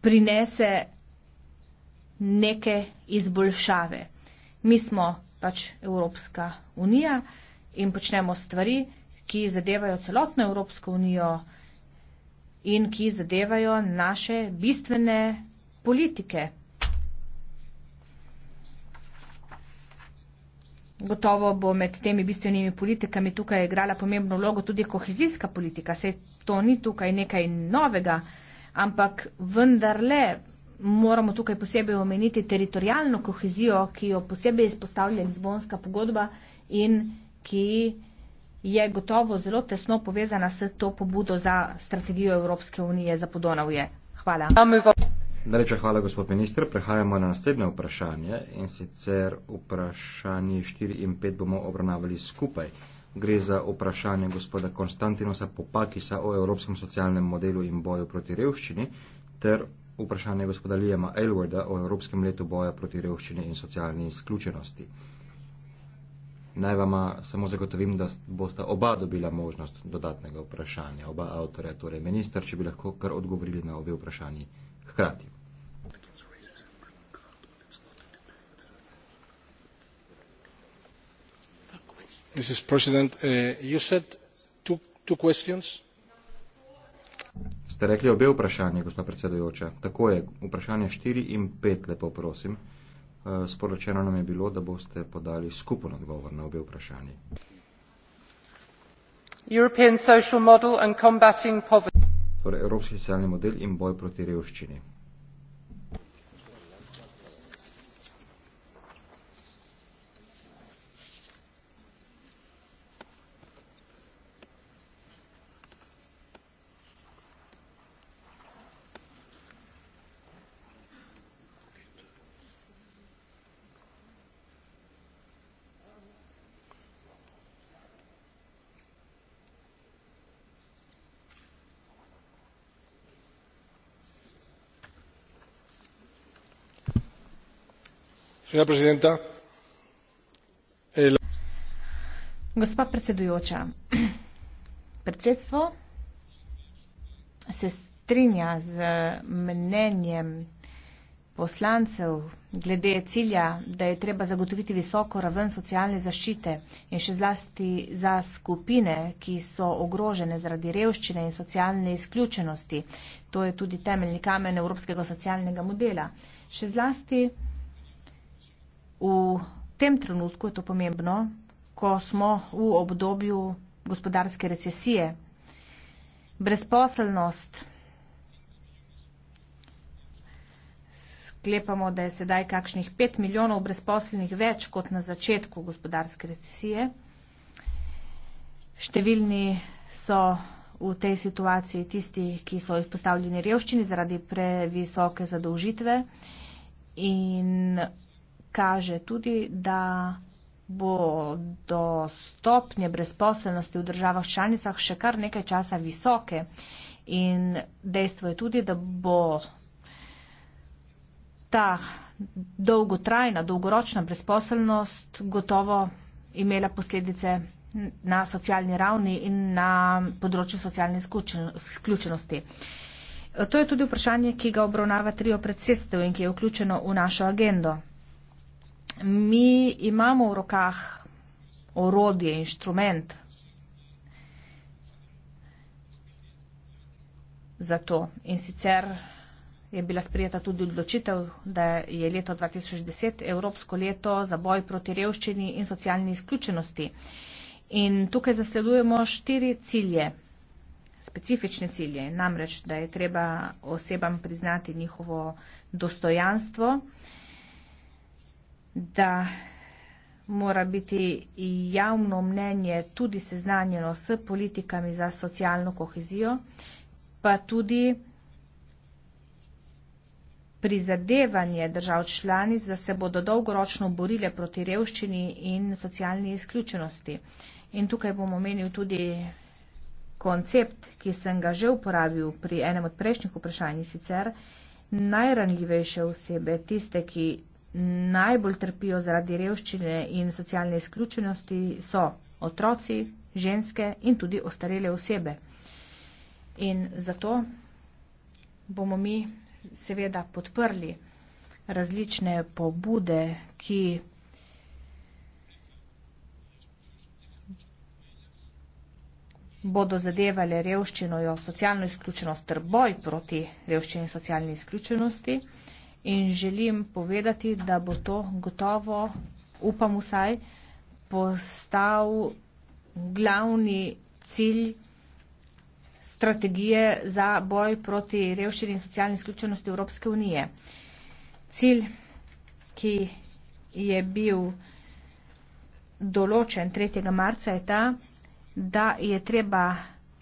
prinese neke izboljšave. Mi smo pač Evropska unija in počnemo stvari, ki zadevajo celotno Evropsko unijo in ki zadevajo naše bistvene politike. Gotovo bo med temi bistvenimi politikami tukaj igrala pomembno vlogo tudi kohezijska politika. Sej to ni tukaj nekaj novega, ampak vendarle moramo tukaj posebej omeniti teritorijalno kohezijo, ki jo posebej izpostavlja Lizbonska pogodba in ki je gotovo zelo tesno povezana s to pobudo za strategijo Evropske unije za Podonavje. Hvala. Najlepša hvala, gospod minister. Prehajamo na naslednje vprašanje in sicer vprašanje 4 in 5 bomo obravnavali skupaj. Gre za vprašanje gospoda Konstantinosa Popakisa o evropskem socialnem modelu in boju proti revščini ter vprašanje gospoda Lijama Elwarda o evropskem letu boja proti revščini in socialni izključenosti. Naj vama samo zagotovim, da boste oba dobila možnost dodatnega vprašanja. Oba avtorja, torej minister, če bi lahko kar odgovorili na obe vprašanji hkrati. Eh, Ste rekli obe vprašanje, gospod predsedujoča. Tako je, vprašanje 4 in 5, lepo prosim. Eh, sporočeno nam je bilo, da boste podali skupen odgovor na obe vprašanje torej evropski socialni model in boj proti revščini. gospa predsedujoča predsedstvo se strinja z mnenjem poslancev glede cilja, da je treba zagotoviti visoko raven socialne zaščite in še zlasti za skupine, ki so ogrožene zaradi revščine in socialne izključenosti. To je tudi temeljni kamen evropskega socialnega modela. Še zlasti v tem trenutku je to pomembno, ko smo v obdobju gospodarske recesije. Brezposelnost sklepamo, da je sedaj kakšnih 5 milijonov brezposelnih več kot na začetku gospodarske recesije. Številni so v tej situaciji tisti, ki so jih postavljeni revščini zaradi previsoke zadolžitve in kaže tudi, da bo do stopnje brezposelnosti v državah članicah še kar nekaj časa visoke. In dejstvo je tudi, da bo ta dolgotrajna, dolgoročna brezposelnost gotovo imela posledice na socialni ravni in na področju socialne izključenosti. To je tudi vprašanje, ki ga obravnava trio predsedstev in ki je vključeno v našo agendo mi imamo v rokah orodje, inštrument za to. In sicer je bila sprijeta tudi odločitev, da je leto 2010 Evropsko leto za boj proti revščini in socialni izključenosti. In tukaj zasledujemo štiri cilje, specifične cilje, namreč, da je treba osebam priznati njihovo dostojanstvo, da mora biti javno mnenje tudi seznanjeno s politikami za socialno kohezijo, pa tudi prizadevanje držav članic, da se bodo dolgoročno borile proti revščini in socialni izključenosti. In tukaj bom omenil tudi koncept, ki sem ga že uporabil pri enem od prejšnjih vprašanj sicer, najranljivejše osebe, tiste, ki najbolj trpijo zaradi revščine in socialne izključenosti, so otroci, ženske in tudi ostarele osebe. In zato bomo mi seveda podprli različne pobude, ki bodo zadevale revščino, socialno izključenost ter boj proti revščini in socialni izključenosti in želim povedati, da bo to gotovo, upam vsaj, postal glavni cilj strategije za boj proti revščini in socialni izključenosti Evropske unije. Cilj, ki je bil določen 3. marca, je ta, da je treba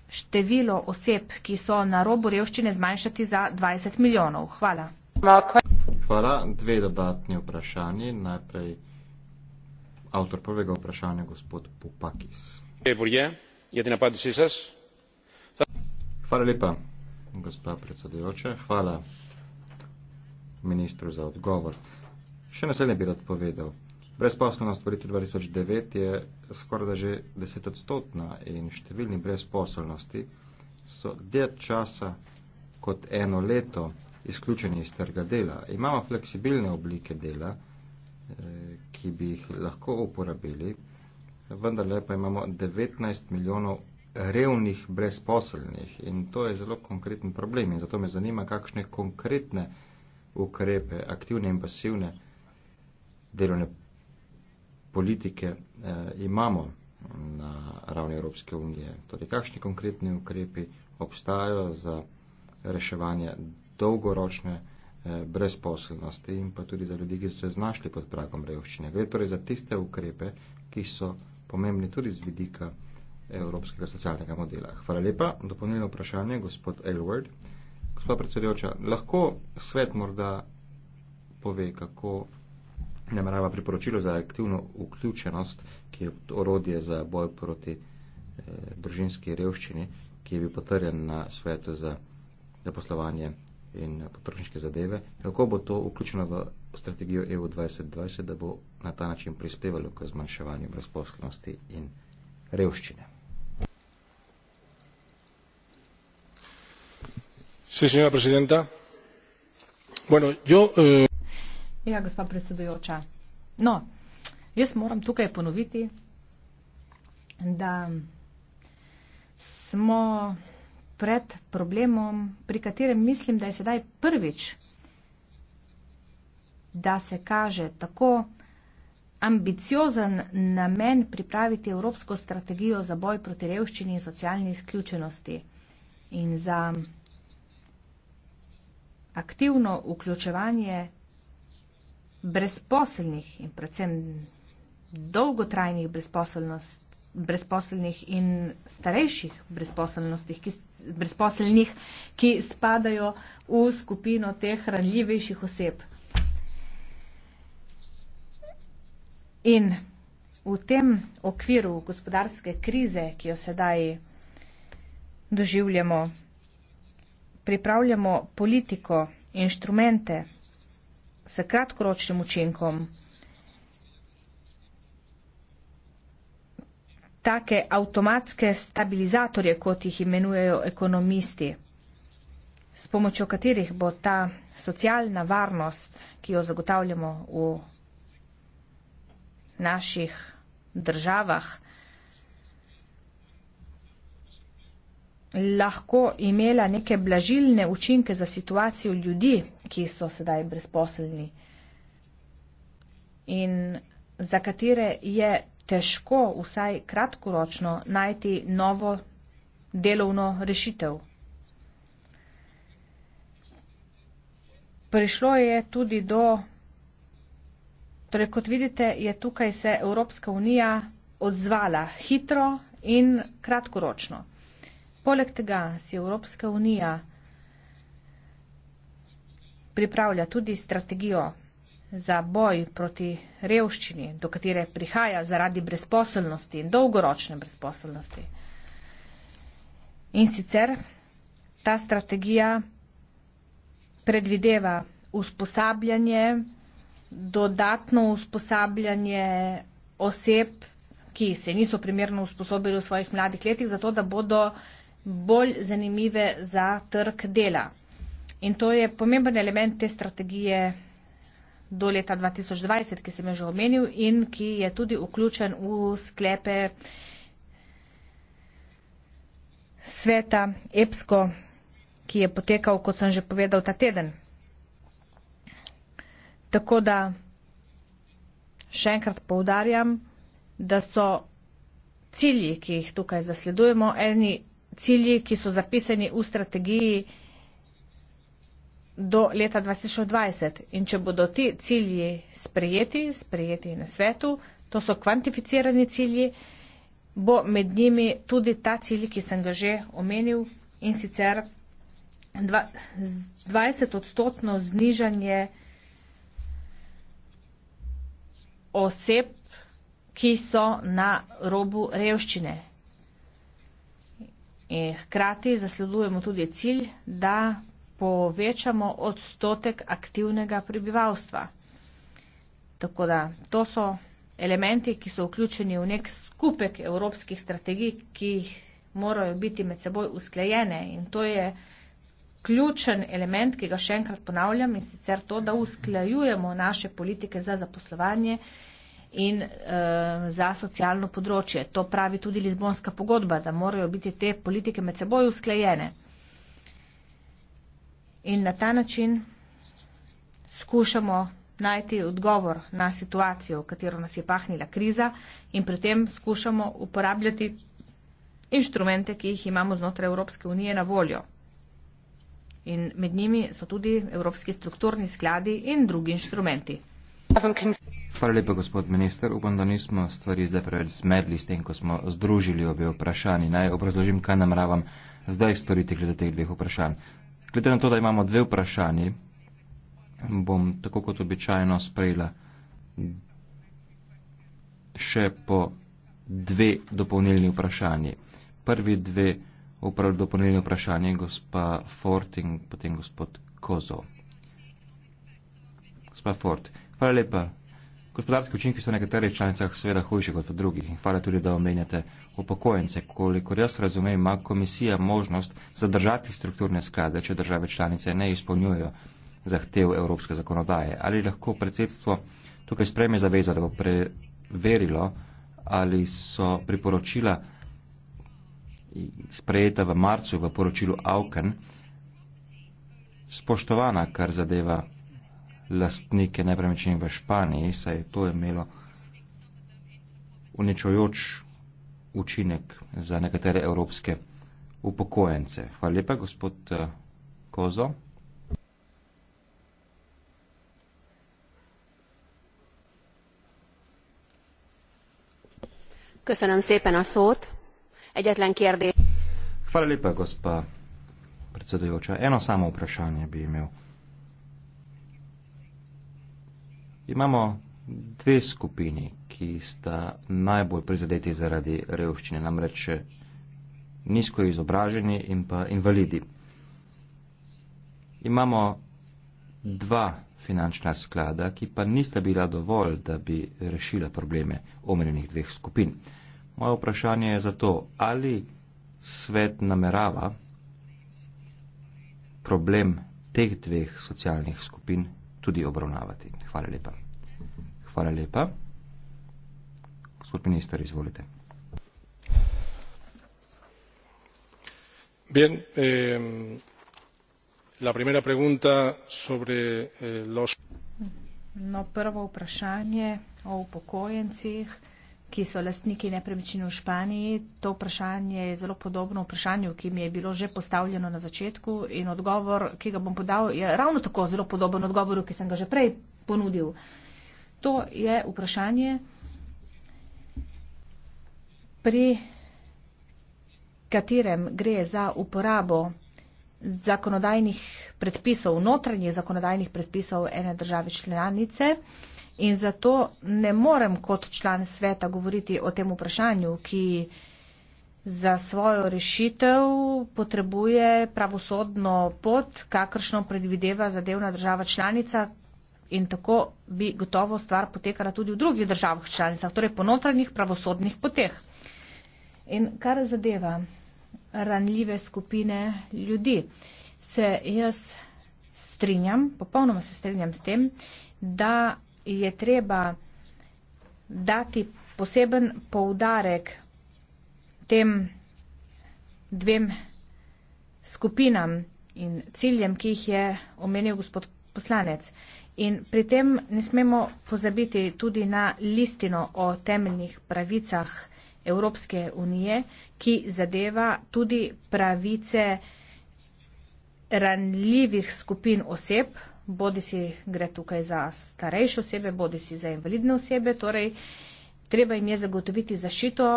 število oseb, ki so na robu revščine, zmanjšati za 20 milijonov. Hvala. Malko. Hvala. Dve dodatni vprašanji. Najprej avtor prvega vprašanja, gospod Popakis. Hvala lepa, gospa predsedujoča. Hvala ministru za odgovor. Še naslednje bi rad povedal. Brezposelnost v letu 2009 je skoraj da že desetodstotna in številni brezposelnosti so del časa kot eno leto izključeni iz trga dela. Imamo fleksibilne oblike dela, eh, ki bi jih lahko uporabili, vendar pa imamo 19 milijonov revnih brezposelnih in to je zelo konkreten problem. In zato me zanima, kakšne konkretne ukrepe, aktivne in pasivne delovne politike eh, imamo na ravni Evropske unije. Torej, kakšni konkretni ukrepi obstajajo za reševanje dolgoročne eh, brezposelnosti in pa tudi za ljudi, ki so se znašli pod pragom revščine. Gre torej za tiste ukrepe, ki so pomembni tudi z vidika evropskega socialnega modela. Hvala lepa. Dopolnilno vprašanje, gospod Elward. Gospod predsedujoča, lahko svet morda pove, kako namerava priporočilo za aktivno vključenost, ki je orodje za boj proti eh, družinski revščini, ki je bil potrjen na svetu za zaposlovanje in potrošniške zadeve, kako bo to vključeno v strategijo EU 2020, da bo na ta način prispevalo k zmanjševanju brezposlenosti in revščine. Sí, señora presidenta. Bueno, yo, eh... Ja, gospa predsedujoča. No, jaz moram tukaj ponoviti, da smo pred problemom, pri katerem mislim, da je sedaj prvič, da se kaže tako ambiciozen namen pripraviti evropsko strategijo za boj proti revščini in socialni izključenosti in za aktivno vključevanje brezposelnih in predvsem dolgotrajnih brezposelnih in starejših brezposelnostih, ki brezposelnih, ki spadajo v skupino teh ranljivejših oseb. In v tem okviru gospodarske krize, ki jo sedaj doživljamo, pripravljamo politiko, inštrumente s kratkoročnim učinkom, take avtomatske stabilizatorje, kot jih imenujejo ekonomisti, s pomočjo katerih bo ta socialna varnost, ki jo zagotavljamo v naših državah, lahko imela neke blažilne učinke za situacijo ljudi, ki so sedaj brezposelni in za katere je težko, vsaj kratkoročno, najti novo delovno rešitev. Prišlo je tudi do, torej kot vidite, je tukaj se Evropska unija odzvala hitro in kratkoročno. Poleg tega si Evropska unija pripravlja tudi strategijo za boj proti revščini, do katere prihaja zaradi brezposelnosti in dolgoročne brezposelnosti. In sicer ta strategija predvideva usposabljanje, dodatno usposabljanje oseb, ki se niso primerno usposobili v svojih mladih letih, zato da bodo bolj zanimive za trg dela. In to je pomemben element te strategije do leta 2020, ki sem jo že omenil in ki je tudi vključen v sklepe sveta EPSCO, ki je potekal, kot sem že povedal, ta teden. Tako da še enkrat poudarjam, da so cilji, ki jih tukaj zasledujemo, eni cilji, ki so zapisani v strategiji do leta 2020 in če bodo ti cilji sprejeti, sprejeti na svetu, to so kvantificirani cilji, bo med njimi tudi ta cilj, ki sem ga že omenil in sicer 20 odstotno znižanje oseb, ki so na robu revščine. In hkrati zasledujemo tudi cilj, da povečamo odstotek aktivnega prebivalstva. Tako da to so elementi, ki so vključeni v nek skupek evropskih strategij, ki morajo biti med seboj usklejene in to je ključen element, ki ga še enkrat ponavljam in sicer to, da usklajujemo naše politike za zaposlovanje in e, za socialno področje. To pravi tudi Lizbonska pogodba, da morajo biti te politike med seboj usklejene in na ta način skušamo najti odgovor na situacijo, v katero nas je pahnila kriza in pri tem skušamo uporabljati inštrumente, ki jih imamo znotraj Evropske unije na voljo. In med njimi so tudi Evropski strukturni skladi in drugi inštrumenti. Hvala lepa, gospod minister. Upam, da nismo stvari zdaj preveč zmedli s tem, ko smo združili obe vprašanji. Naj obrazložim, kaj nameravam zdaj storiti glede teh dveh vprašanj. Glede na to, da imamo dve vprašanji, bom tako kot običajno sprejela še po dve dopolnilni vprašanji. Prvi dve uprav dopolnilni vprašanji, gospa Ford in potem gospod Kozo. Gospa Ford, hvala lepa. Gospodarski učinki so v nekaterih članicah seveda hujši kot v drugih in hvala tudi, da omenjate upokojence. Kolikor jaz razumem, ima komisija možnost zadržati strukturne sklade, če države članice ne izpolnjujejo zahtev evropske zakonodaje. Ali lahko predsedstvo tukaj spreme zaveza, da bo preverilo, ali so priporočila sprejeta v marcu v poročilu Auken spoštovana, kar zadeva lastnike nepremičnin v Španiji, saj je to imelo uničujoč učinek za nekatere evropske upokojence. Hvala lepa, gospod eh, Kozo. Köszönöm szépen a szót. Egyetlen kérdés. Hvala lepa, gospa predsedujoča. Eno samo vprašanje bi imel. Imamo dve skupini, ki sta najbolj prizadeti zaradi revščine, namreč nizko izobraženi in pa invalidi. Imamo dva finančna sklada, ki pa nista bila dovolj, da bi rešila probleme omenjenih dveh skupin. Moje vprašanje je zato, ali svet namerava problem teh dveh socialnih skupin tudi obravnavati. Hvala lepa. Hvala lepa. Gospod minister, izvolite. Bien, eh, la primera pregunta sobre eh, los... No, prvo vprašanje o upokojencih, ki so lastniki nepremičnin v Španiji. To vprašanje je zelo podobno vprašanju, ki mi je bilo že postavljeno na začetku in odgovor, ki ga bom podal, je ravno tako zelo podoben odgovoru, ki sem ga že prej ponudil. To je vprašanje pri katerem gre za uporabo zakonodajnih predpisov, notranjih zakonodajnih predpisov ene države članice. In zato ne morem kot član sveta govoriti o tem vprašanju, ki za svojo rešitev potrebuje pravosodno pot, kakršno predvideva zadevna država članica in tako bi gotovo stvar potekala tudi v drugih državah članicah, torej po notranjih pravosodnih poteh. In kar zadeva ranljive skupine ljudi, se jaz strinjam, popolnoma se strinjam s tem, da je treba dati poseben poudarek tem dvem skupinam in ciljem, ki jih je omenil gospod poslanec. In pri tem ne smemo pozabiti tudi na listino o temeljnih pravicah Evropske unije, ki zadeva tudi pravice ranljivih skupin oseb, bodi si gre tukaj za starejše osebe, bodi si za invalidne osebe, torej treba jim je zagotoviti zašito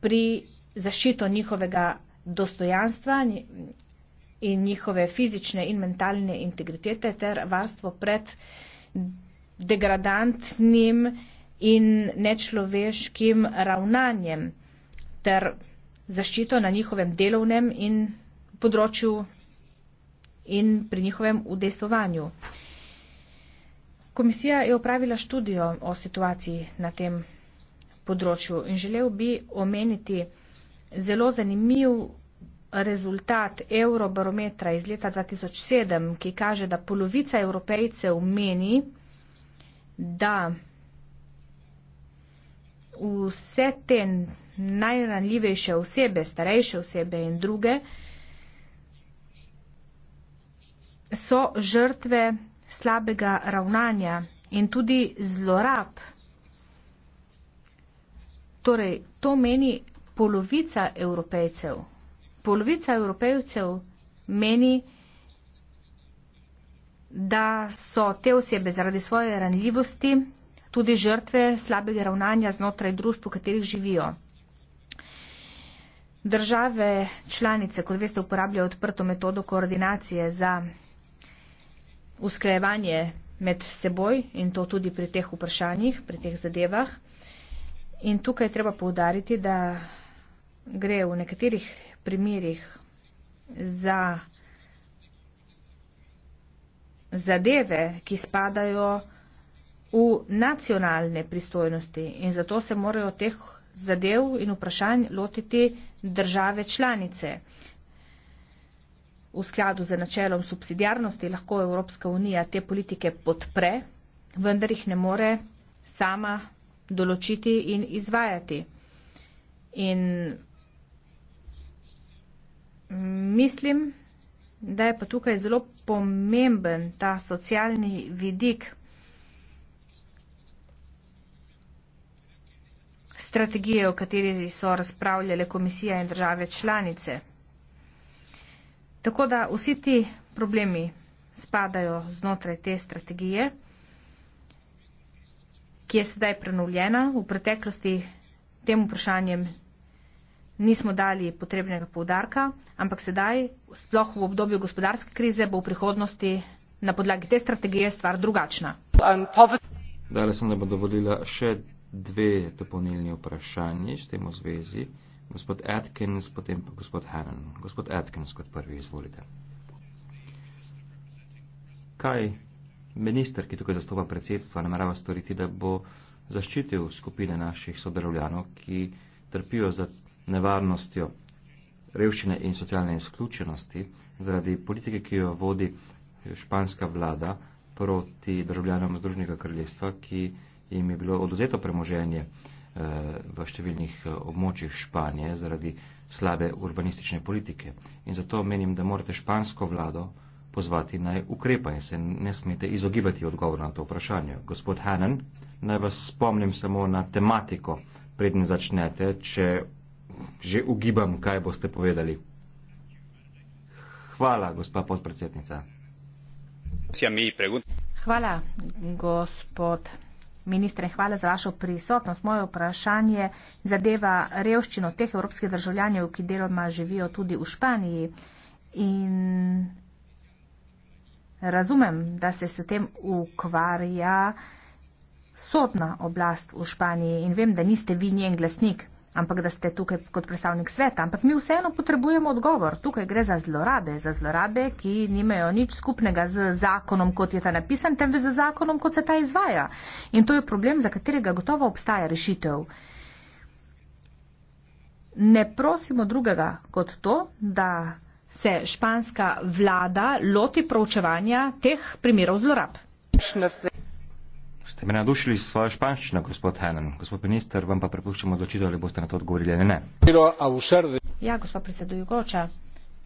pri zašito njihovega dostojanstva in njihove fizične in mentalne integritete ter varstvo pred degradantnim in nečloveškim ravnanjem ter zaščito na njihovem delovnem in področju in pri njihovem udejstvovanju. Komisija je opravila študijo o situaciji na tem področju in želel bi omeniti zelo zanimiv rezultat eurobarometra iz leta 2007, ki kaže, da polovica evropejcev meni, da vse te najranljivejše osebe, starejše osebe in druge, so žrtve slabega ravnanja in tudi zlorab. Torej, to meni polovica evropejcev. Polovica evropejcev meni, da so te osebe zaradi svoje ranljivosti tudi žrtve slabega ravnanja znotraj družb, v katerih živijo. Države članice, kot veste, uporabljajo odprto metodo koordinacije za usklajevanje med seboj in to tudi pri teh vprašanjih, pri teh zadevah. In tukaj treba povdariti, da gre v nekaterih primerjih za zadeve, ki spadajo v v nacionalne pristojnosti in zato se morajo teh zadev in vprašanj lotiti države članice. V skladu z načelom subsidijarnosti lahko Evropska unija te politike podpre, vendar jih ne more sama določiti in izvajati. In mislim, da je pa tukaj zelo pomemben ta socialni vidik strategije, o kateri so razpravljale komisija in države članice. Tako da vsi ti problemi spadajo znotraj te strategije, ki je sedaj prenovljena. V preteklosti tem vprašanjem nismo dali potrebnega poudarka, ampak sedaj, sploh v obdobju gospodarske krize, bo v prihodnosti na podlagi te strategije stvar drugačna. Dali sem, da bo dovolila še dve dopolnilni vprašanji s tem v zvezi. Gospod Atkins, potem pa gospod Hannon. Gospod Atkins kot prvi, izvolite. Kaj minister, ki tukaj zastopa predsedstva, namerava storiti, da bo zaščitil skupine naših sodržavljanov, ki trpijo za nevarnostjo revščine in socialne izključenosti zaradi politike, ki jo vodi španska vlada proti državljanom Združenega kraljestva, ki jim je bilo oduzeto premoženje eh, v številnih eh, območjih Španije zaradi slabe urbanistične politike. In zato menim, da morate špansko vlado pozvati naj ukrepa in se ne smete izogibati odgovor na to vprašanje. Gospod Hanen, naj vas spomnim samo na tematiko, predn začnete, če že ugibam, kaj boste povedali. Hvala, gospa podpredsednica. Hvala, gospod ministre, hvala za vašo prisotnost. Moje vprašanje zadeva revščino teh evropskih državljanjev, ki deloma živijo tudi v Španiji. In razumem, da se s tem ukvarja sodna oblast v Španiji in vem, da niste vi njen glasnik ampak da ste tukaj kot predstavnik sveta, ampak mi vseeno potrebujemo odgovor. Tukaj gre za zlorabe, za zlorabe, ki nimajo nič skupnega z zakonom, kot je ta napisan, temveč z zakonom, kot se ta izvaja. In to je problem, za katerega gotovo obstaja rešitev. Ne prosimo drugega kot to, da se španska vlada loti proučevanja teh primerov zlorab. Ste me nadušili s svojo španščino, gospod Henen. Gospod minister, vam pa prepuščam odločitev, ali boste na to odgovorili ali ne. Ja, gospod predsedujoča,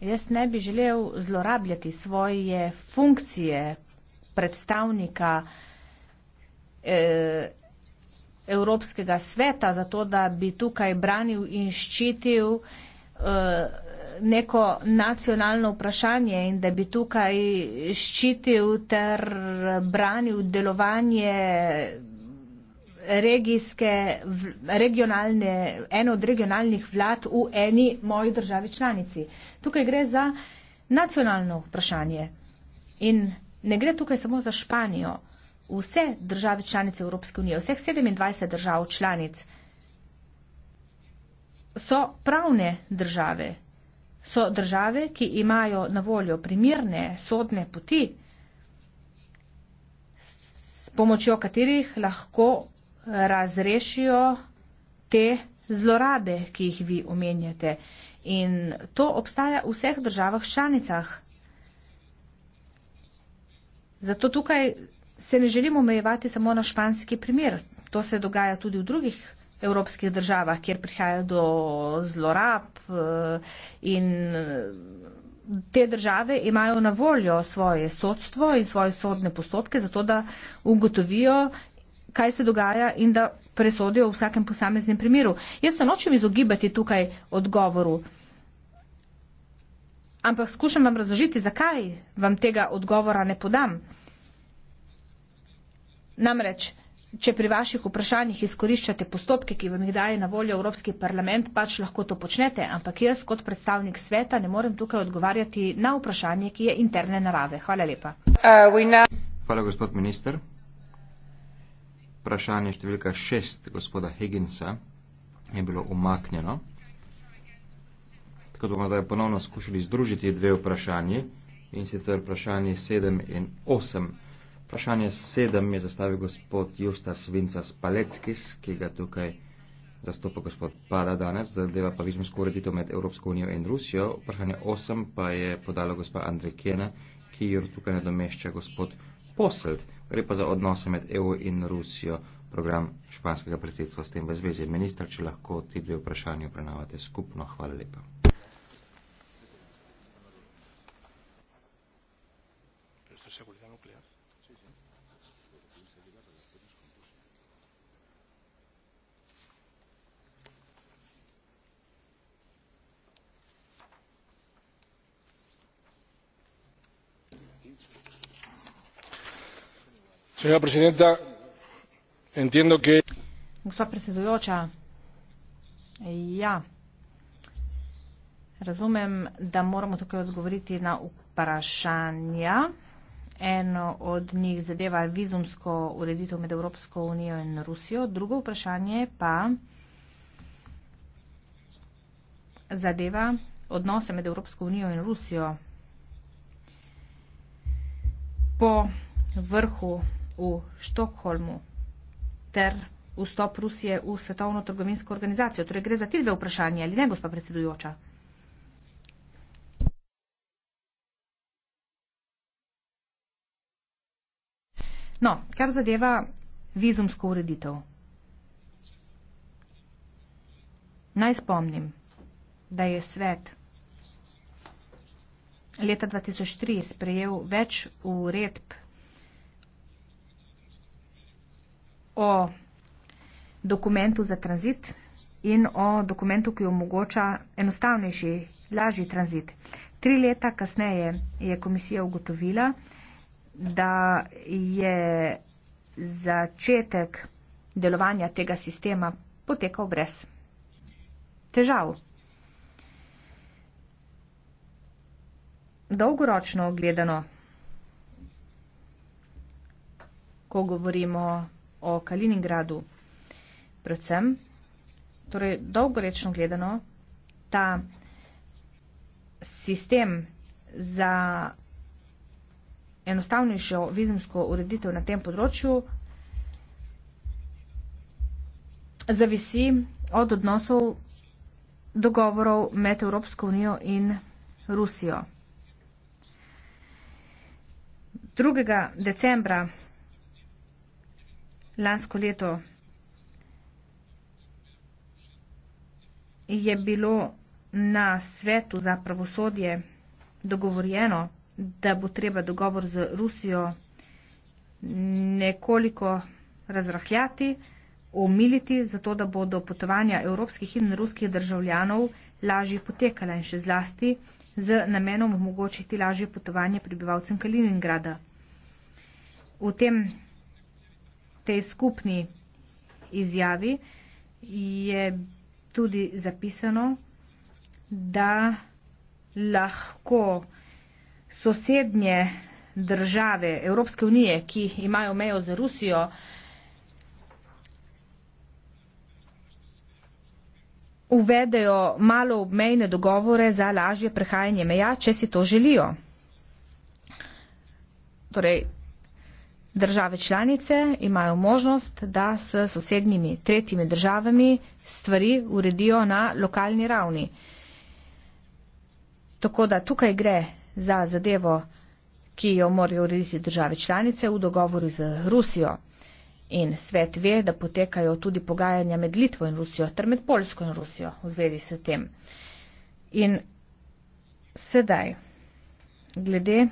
jaz ne bi želel zlorabljati svoje funkcije predstavnika eh, Evropskega sveta, zato da bi tukaj branil in ščitil eh, neko nacionalno vprašanje in da bi tukaj ščitil ter branil delovanje regijske, regionalne, eno od regionalnih vlad v eni moji državi članici. Tukaj gre za nacionalno vprašanje in ne gre tukaj samo za Španijo. Vse države članice Evropske unije, vseh 27 držav članic so pravne države so države, ki imajo na voljo primirne sodne poti, s pomočjo katerih lahko razrešijo te zlorabe, ki jih vi omenjate. In to obstaja v vseh državah članicah. Zato tukaj se ne želimo omejevati samo na španski primer. To se dogaja tudi v drugih državah evropskih državah, kjer prihaja do zlorab eh, in eh, te države imajo na voljo svoje sodstvo in svoje sodne postopke, zato da ugotovijo, kaj se dogaja in da presodijo v vsakem posameznem primeru. Jaz se nočem izogibati tukaj odgovoru, ampak skušam vam razložiti, zakaj vam tega odgovora ne podam. Namreč, če pri vaših vprašanjih izkoriščate postopke, ki vam jih daje na voljo Evropski parlament, pač lahko to počnete, ampak jaz kot predstavnik sveta ne morem tukaj odgovarjati na vprašanje, ki je interne narave. Hvala lepa. Uh, Hvala, gospod minister. Vprašanje številka šest gospoda Higginsa je bilo umaknjeno. Tako da bomo zdaj ponovno skušali združiti dve vprašanje in sicer vprašanje sedem in osem. Vprašanje sedem je zastavil gospod Justas Vinca Spaleckis, ki ga tukaj zastopa gospod Pada danes, zadeva pa vizumsko ureditev med Evropsko unijo in Rusijo. Vprašanje osem pa je podala gospa Andrej Kena, ki jo tukaj nadomešča gospod Poselt. Gre pa za odnose med EU in Rusijo, program španskega predsedstva s tem v zvezi. Ministr, če lahko ti dve vprašanje prenavate skupno, hvala lepa. señora presidenta entiendo que. Gospa predsedujoča, ja, razumem, da moramo tukaj odgovoriti na vprašanja. Eno od njih zadeva vizumsko ureditev med Evropsko unijo in Rusijo, drugo vprašanje pa zadeva odnose med Evropsko unijo in Rusijo po vrhu v Štokholmu ter vstop Rusije v Svetovno trgovinsko organizacijo. Torej gre za ti dve vprašanje, ali ne, gospa predsedujoča? No, kar zadeva vizumsko ureditev. Naj spomnim, da je svet leta 2003 sprejel več uredb o dokumentu za tranzit in o dokumentu, ki omogoča enostavnejši, lažji tranzit. Tri leta kasneje je komisija ugotovila, da je začetek delovanja tega sistema potekal brez težav. Dolgoročno gledano, ko govorimo o Kaliningradu. Predvsem, torej dolgorečno gledano, ta sistem za enostavnejšo vizumsko ureditev na tem področju zavisi od odnosov dogovorov med Evropsko unijo in Rusijo. 2. decembra lansko leto je bilo na svetu za pravosodje dogovorjeno, da bo treba dogovor z Rusijo nekoliko razrahljati, omiliti, zato da bodo potovanja evropskih in ruskih državljanov lažje potekala in še zlasti z namenom omogočiti lažje potovanje prebivalcem Kaliningrada. V tem tej skupni izjavi je tudi zapisano, da lahko sosednje države Evropske unije, ki imajo mejo z Rusijo, uvedejo malo obmejne dogovore za lažje prehajanje meja, če si to želijo. Torej, države članice imajo možnost, da s sosednjimi tretjimi državami stvari uredijo na lokalni ravni. Tako da tukaj gre za zadevo, ki jo morajo urediti države članice v dogovoru z Rusijo. In svet ve, da potekajo tudi pogajanja med Litvo in Rusijo ter med Polsko in Rusijo v zvezi s tem. In sedaj, glede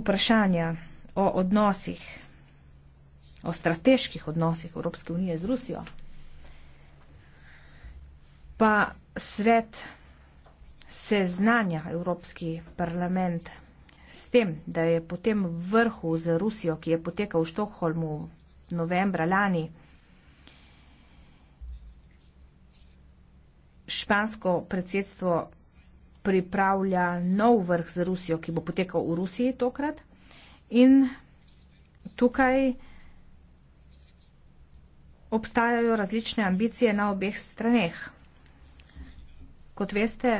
vprašanja o odnosih, o strateških odnosih Evropske unije z Rusijo, pa svet seznanja Evropski parlament s tem, da je potem vrhu za Rusijo, ki je potekal v Štokholmu novembra lani, špansko predsedstvo pripravlja nov vrh z Rusijo, ki bo potekal v Rusiji tokrat. In tukaj obstajajo različne ambicije na obeh straneh. Kot veste,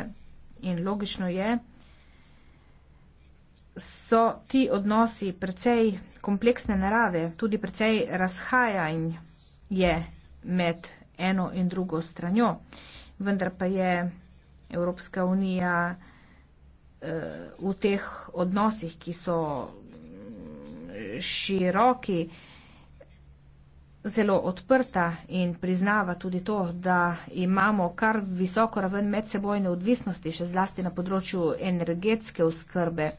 in logično je, so ti odnosi precej kompleksne narave, tudi precej razhajanj je med eno in drugo stranjo. Vendar pa je Evropska unija eh, v teh odnosih, ki so mm, široki, zelo odprta in priznava tudi to, da imamo kar visoko raven medsebojne odvisnosti, še zlasti na področju energetske oskrbe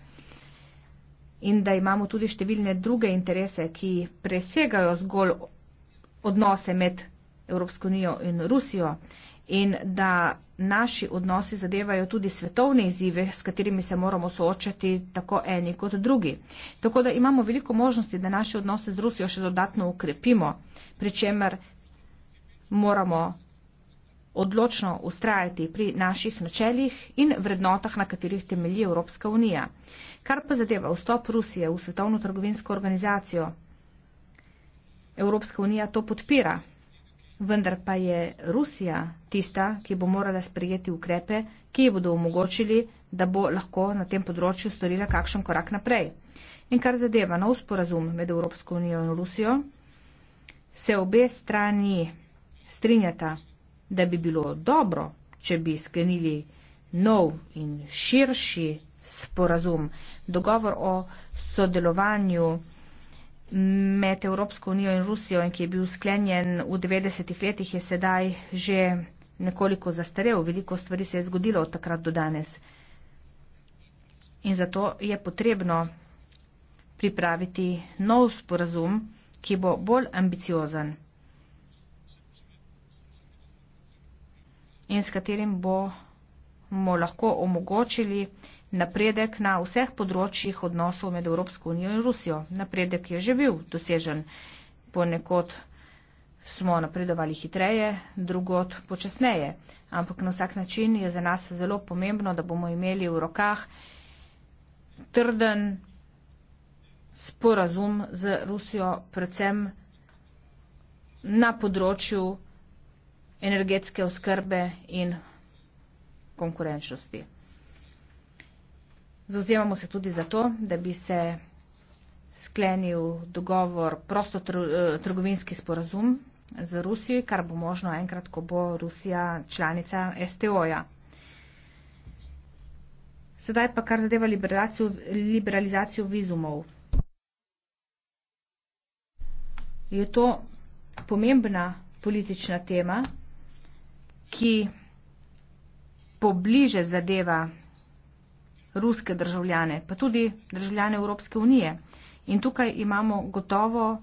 in da imamo tudi številne druge interese, ki presegajo zgolj odnose med Evropsko unijo in Rusijo in da naši odnosi zadevajo tudi svetovne izzive, s katerimi se moramo soočati tako eni kot drugi. Tako da imamo veliko možnosti, da naše odnose z Rusijo še dodatno ukrepimo, pri čemer moramo odločno ustrajati pri naših načeljih in vrednotah, na katerih temelji Evropska unija. Kar pa zadeva vstop Rusije v svetovno trgovinsko organizacijo, Evropska unija to podpira vendar pa je Rusija tista, ki bo morala sprejeti ukrepe, ki ji bodo omogočili, da bo lahko na tem področju storila kakšen korak naprej. In kar zadeva nov sporazum med Evropsko unijo in Rusijo, se obe strani strinjata, da bi bilo dobro, če bi sklenili nov in širši sporazum, dogovor o sodelovanju med Evropsko unijo in Rusijo in ki je bil sklenjen v 90-ih letih, je sedaj že nekoliko zastarel. Veliko stvari se je zgodilo od takrat do danes. In zato je potrebno pripraviti nov sporazum, ki bo bolj ambiciozen in s katerim bomo lahko omogočili, napredek na vseh področjih odnosov med Evropsko unijo in Rusijo. Napredek je že bil dosežen. Ponekod smo napredovali hitreje, drugod počasneje. Ampak na vsak način je za nas zelo pomembno, da bomo imeli v rokah trden sporazum z Rusijo, predvsem na področju energetske oskrbe in konkurenčnosti. Zauzemamo se tudi za to, da bi se sklenil dogovor prostotrgovinski eh, sporazum z Rusijo, kar bo možno enkrat, ko bo Rusija članica STO-ja. Sedaj pa kar zadeva liberacijo, liberalizacijo vizumov. Je to pomembna politična tema, ki pobliže zadeva ruske državljane, pa tudi državljane Evropske unije. In tukaj imamo gotovo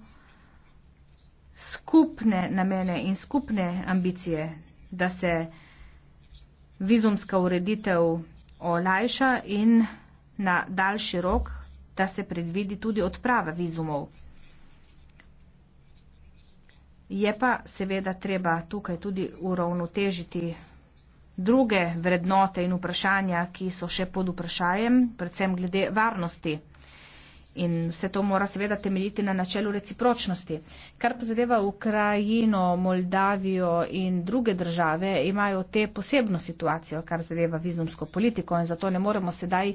skupne namene in skupne ambicije, da se vizumska ureditev olajša in na daljši rok, da se predvidi tudi odprava vizumov. Je pa seveda treba tukaj tudi uravnotežiti druge vrednote in vprašanja, ki so še pod vprašanjem, predvsem glede varnosti. In vse to mora seveda temeljiti na načelu recipročnosti. Kar pa zadeva Ukrajino, Moldavijo in druge države, imajo te posebno situacijo, kar zadeva vizumsko politiko in zato ne moremo sedaj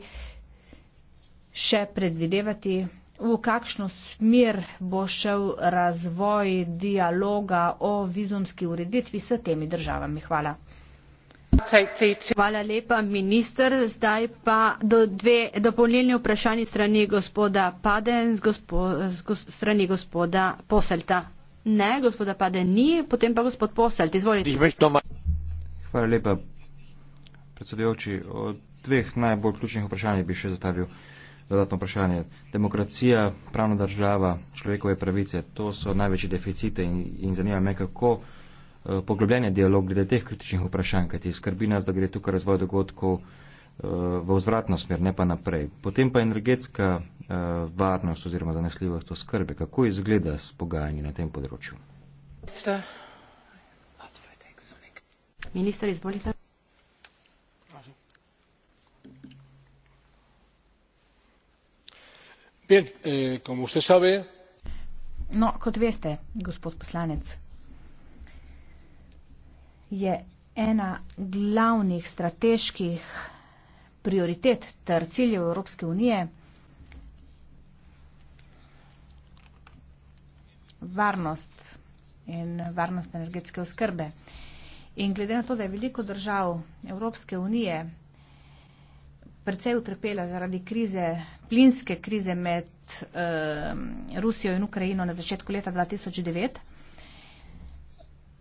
še predvidevati, v kakšno smer bo šel razvoj dialoga o vizumski ureditvi s temi državami. Hvala. Hvala lepa, minister. Zdaj pa do dve dopolnilni vprašanji strani gospoda Paden, gospo, gos, strani gospoda Poselta. Ne, gospoda Paden ni, potem pa gospod Poselt. Izvolite. Hvala lepa, predsedujoči. Od dveh najbolj ključnih vprašanj bi še zastavil dodatno vprašanje. Demokracija, pravna država, človekove pravice, to so največji deficite in, in zanima me, kako Eh, poglobljanje dialog glede teh kritičnih vprašanj, kajti skrbi nas, da gre tukaj razvoj dogodkov eh, v vzvratno smer, ne pa naprej. Potem pa energetska eh, varnost oziroma zanesljivost o skrbi. Kako izgleda s pogajanji na tem področju? Minister, izvolite. Bien, eh, como usted sabe, no, kot veste, gospod poslanec, je ena glavnih strateških prioritet ter ciljev Evropske unije varnost in varnost energetske oskrbe. In glede na to, da je veliko držav Evropske unije precej utrpela zaradi krize, plinske krize med eh, Rusijo in Ukrajino na začetku leta 2009,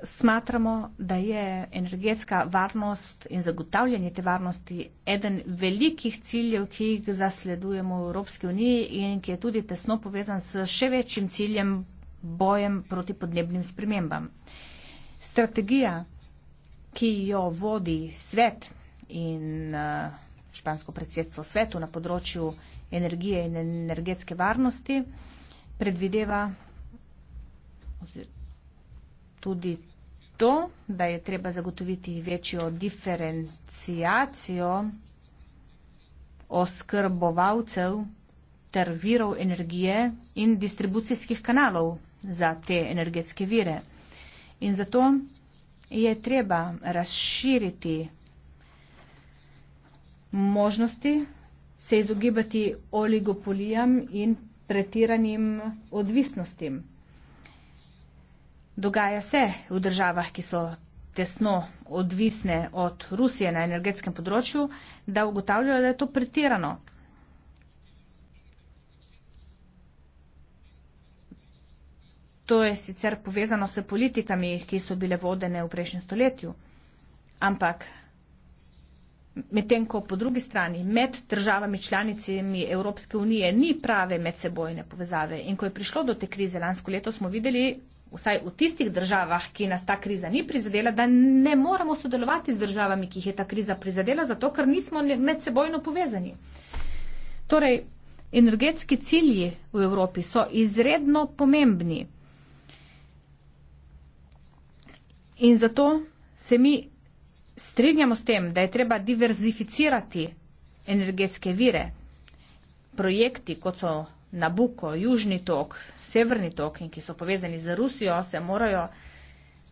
Smatramo, da je energetska varnost in zagotavljanje te varnosti eden velikih ciljev, ki jih zasledujemo v Evropski uniji in ki je tudi tesno povezan s še večjim ciljem bojem proti podnebnim spremembam. Strategija, ki jo vodi svet in eh, špansko predsedstvo svetu na področju energije in energetske varnosti, predvideva tudi to, da je treba zagotoviti večjo diferencijacijo oskrbovalcev ter virov energije in distribucijskih kanalov za te energetske vire. In zato je treba razširiti možnosti, se izogibati oligopolijam in pretiranim odvisnostim. Dogaja se v državah, ki so tesno odvisne od Rusije na energetskem področju, da ugotavljajo, da je to pretirano. To je sicer povezano s politikami, ki so bile vodene v prejšnjem stoletju, ampak medtem ko po drugi strani med državami članicami Evropske unije ni prave medsebojne povezave in ko je prišlo do te krize lansko leto, smo videli, vsaj v tistih državah, ki nas ta kriza ni prizadela, da ne moramo sodelovati z državami, ki jih je ta kriza prizadela, zato ker nismo medsebojno povezani. Torej, energetski cilji v Evropi so izredno pomembni. In zato se mi strinjamo s tem, da je treba diverzificirati energetske vire. Projekti, kot so Nabuko, Južni tok, Severni tok in ki so povezani z Rusijo, se morajo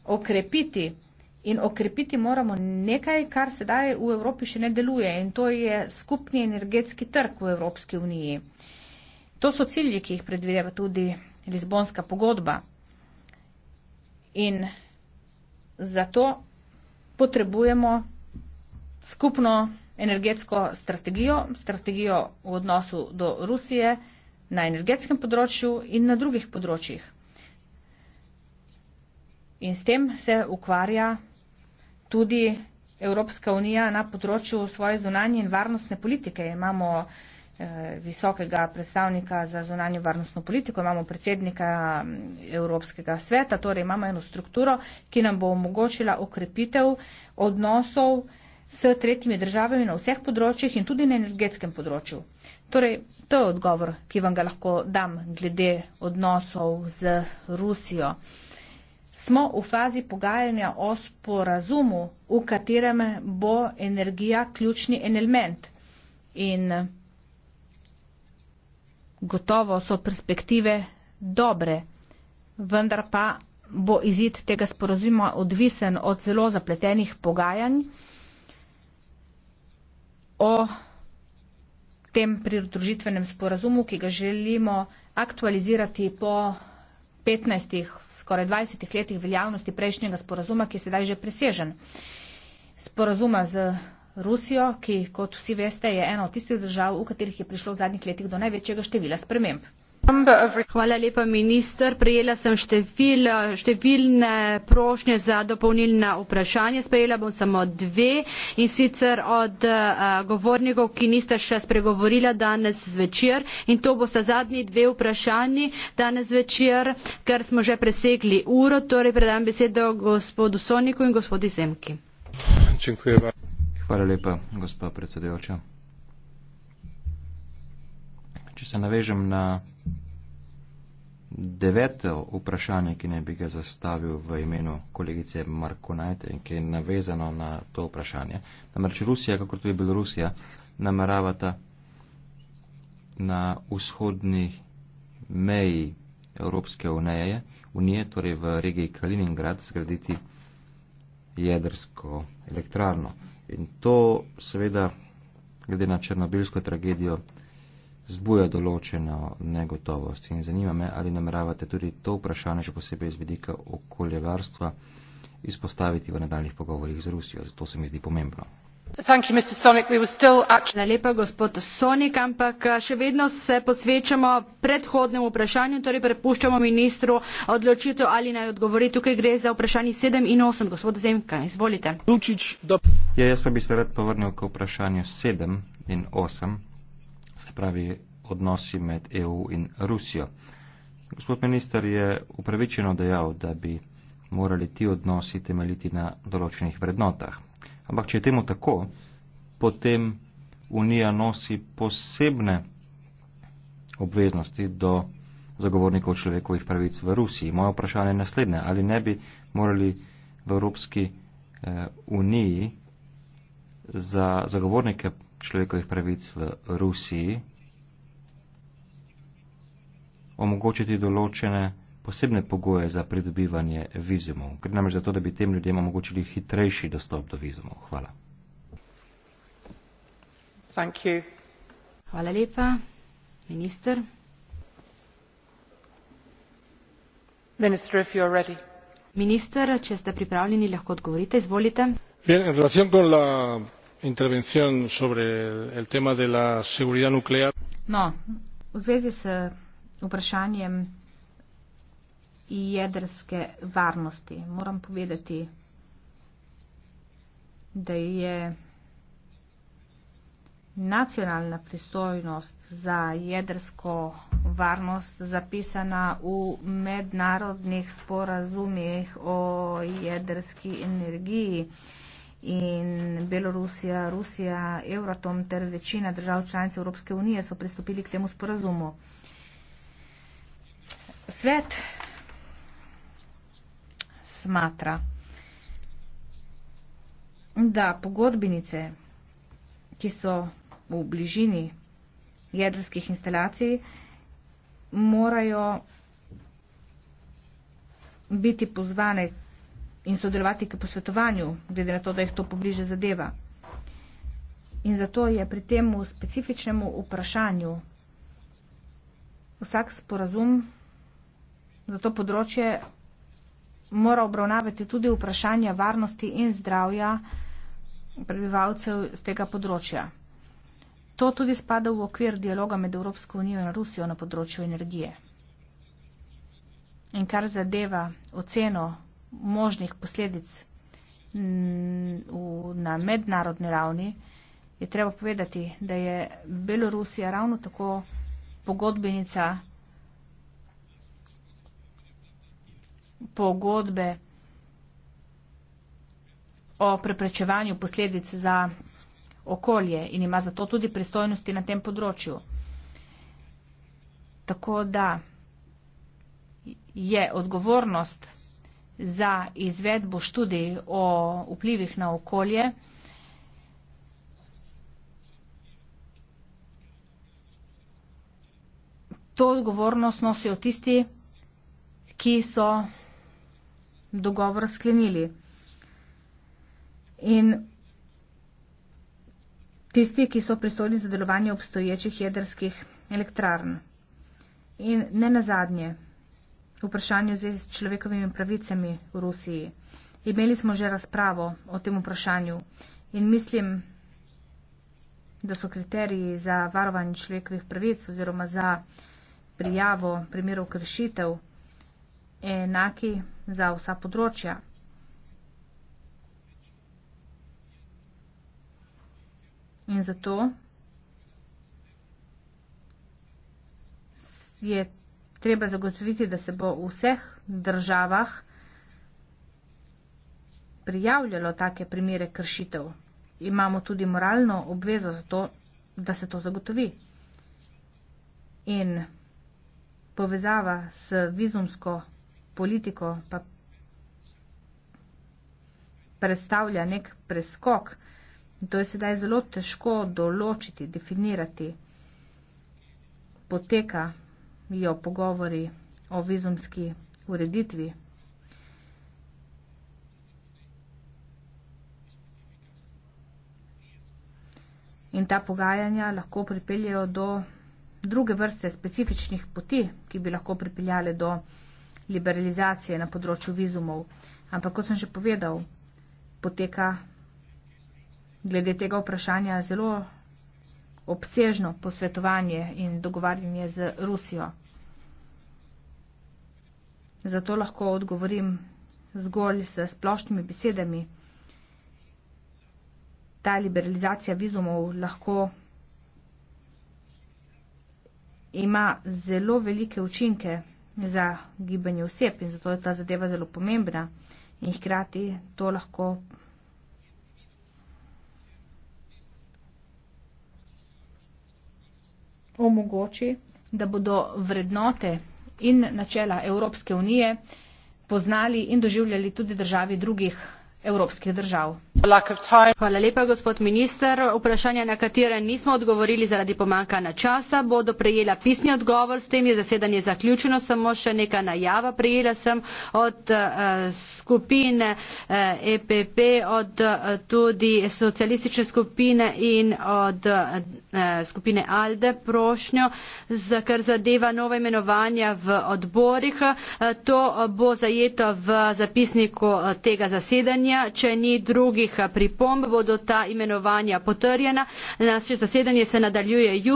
okrepiti. In okrepiti moramo nekaj, kar sedaj v Evropi še ne deluje in to je skupni energetski trg v Evropski uniji. To so cilji, ki jih predvideva tudi Lizbonska pogodba. In zato potrebujemo skupno energetsko strategijo, strategijo v odnosu do Rusije, na energetskem področju in na drugih področjih. In s tem se ukvarja tudi Evropska unija na področju svoje zunanje in varnostne politike. Imamo eh, visokega predstavnika za zunanjo varnostno politiko, imamo predsednika mm, Evropskega sveta, torej imamo eno strukturo, ki nam bo omogočila okrepitev odnosov s tretjimi državami na vseh področjih in tudi na energetskem področju. Torej, to je odgovor, ki vam ga lahko dam glede odnosov z Rusijo. Smo v fazi pogajanja o sporazumu, v katerem bo energija ključni element. In gotovo so perspektive dobre, vendar pa bo izid tega sporozuma odvisen od zelo zapletenih pogajanj o tem pridružitvenem sporazumu, ki ga želimo aktualizirati po 15, skoraj 20 letih veljavnosti prejšnjega sporazuma, ki je sedaj že presežen. Sporazuma z Rusijo, ki, kot vsi veste, je ena od tistih držav, v katerih je prišlo v zadnjih letih do največjega števila sprememb. Hvala lepa, minister. Prejela sem števil, številne prošnje za dopolnilna vprašanja. Sprejela bom samo dve in sicer od a, eh, govornikov, ki niste še spregovorila danes zvečer. In to boste zadnji dve vprašanji danes zvečer, ker smo že presegli uro. Torej predam besedo gospodu Soniku in gospodi Zemki. Hvala lepa, gospod predsedujoča. Če se navežem na deveto vprašanje, ki ne bi ga zastavil v imenu kolegice Marko Najte in ki je navezano na to vprašanje. Namreč Rusija, kako tudi Belorusija, nameravata na vzhodni meji Evropske unije, unije, torej v regiji Kaliningrad, zgraditi jedrsko elektrarno. In to seveda, glede na črnobilsko tragedijo, zbuja določeno negotovost in zanima me, ali nameravate tudi to vprašanje, še posebej z vidika okoljevarstva, izpostaviti v nadaljnih pogovorjih z Rusijo. Zato se mi zdi pomembno. Thank you, Mr. Sonic. We were still actually... Najlepa gospod Sonik, ampak eh, še vedno se posvečamo predhodnemu vprašanju, torej prepuščamo ministru odločitev ali naj odgovori. Tukaj gre za vprašanje 7 in 8. Gospod Zemka, izvolite. Ja, jaz pa bi se rad povrnil k vprašanju 7 in 8 se pravi odnosi med EU in Rusijo. Gospod minister je upravičeno dejal, da bi morali ti odnosi temeljiti na določenih vrednotah. Ampak, če je temu tako, potem Unija nosi posebne obveznosti do zagovornikov človekovih pravic v Rusiji. Moje vprašanje je naslednje. Ali ne bi morali v Evropski eh, uniji za zagovornike človekovih pravic v Rusiji, omogočiti določene posebne pogoje za pridobivanje vizumov. Gre namreč za to, da bi tem ljudem omogočili hitrejši dostop do vizumov. Hvala. Thank you. Hvala lepa, minister. Minister, minister, če ste pripravljeni, lahko odgovorite. Izvolite. Bien, en relación con la intervención sobre el tema de la seguridad nuclear. No, v zvezi s vprašanjem jedrske varnosti moram povedati, da je nacionalna pristojnost za jedrsko varnost zapisana v mednarodnih sporazumih o jedrski energiji in Belorusija, Rusija, Euratom ter večina držav članic Evropske unije so pristopili k temu sporazumu. Svet smatra, da pogodbenice, ki so v bližini jedrskih instalacij, morajo biti pozvane in sodelovati k posvetovanju, glede na to, da jih to pobliže zadeva. In zato je pri tem specifičnemu vprašanju vsak sporazum za to področje mora obravnavati tudi vprašanja varnosti in zdravja prebivalcev z tega področja. To tudi spada v okvir dialoga med Evropsko unijo in Rusijo na področju energije. In kar zadeva oceno možnih posledic v, na mednarodni ravni, je treba povedati, da je Belorusija ravno tako pogodbenica pogodbe o preprečevanju posledic za okolje in ima zato tudi pristojnosti na tem področju. Tako da je odgovornost za izvedbo študij o vplivih na okolje. To odgovornost nosijo tisti, ki so dogovor sklenili. In tisti, ki so pristojni za delovanje obstoječih jedrskih elektrarn. In ne nazadnje vprašanju v zvezi s človekovimi pravicami v Rusiji. Imeli smo že razpravo o tem vprašanju in mislim, da so kriteriji za varovanje človekovih pravic oziroma za prijavo primerov kršitev enaki za vsa področja. In zato je treba zagotoviti, da se bo v vseh državah prijavljalo take primere kršitev. Imamo tudi moralno obvezo za to, da se to zagotovi. In povezava s vizumsko politiko pa predstavlja nek preskok. To je sedaj zelo težko določiti, definirati. Poteka vijo pogovori o vizumski ureditvi. In ta pogajanja lahko pripeljajo do druge vrste specifičnih poti, ki bi lahko pripeljale do liberalizacije na področju vizumov. Ampak kot sem že povedal, poteka glede tega vprašanja zelo obsežno posvetovanje in dogovarjanje z Rusijo. Zato lahko odgovorim zgolj s splošnimi besedami. Ta liberalizacija vizumov lahko ima zelo velike učinke za gibanje oseb in zato je ta zadeva zelo pomembna in hkrati to lahko omogoči, da bodo vrednote in načela Evropske unije poznali in doživljali tudi državi drugih evropskih držav. Hvala lepa, gospod minister. Vprašanja, na katere nismo odgovorili zaradi pomankanja časa, bodo prejela pisni odgovor. S tem je zasedanje zaključeno. Samo še neka najava prejela sem od uh, skupine uh, eh, EPP, od uh, tudi socialistične skupine in od uh, skupine ALDE prošnjo, za kar zadeva nove imenovanja v odborih. Uh, to bo zajeto v zapisniku tega zasedanja imenovanja. Če ni drugih pripomb, bodo ta imenovanja potrjena. Naše zasedanje se nadaljuje jutri.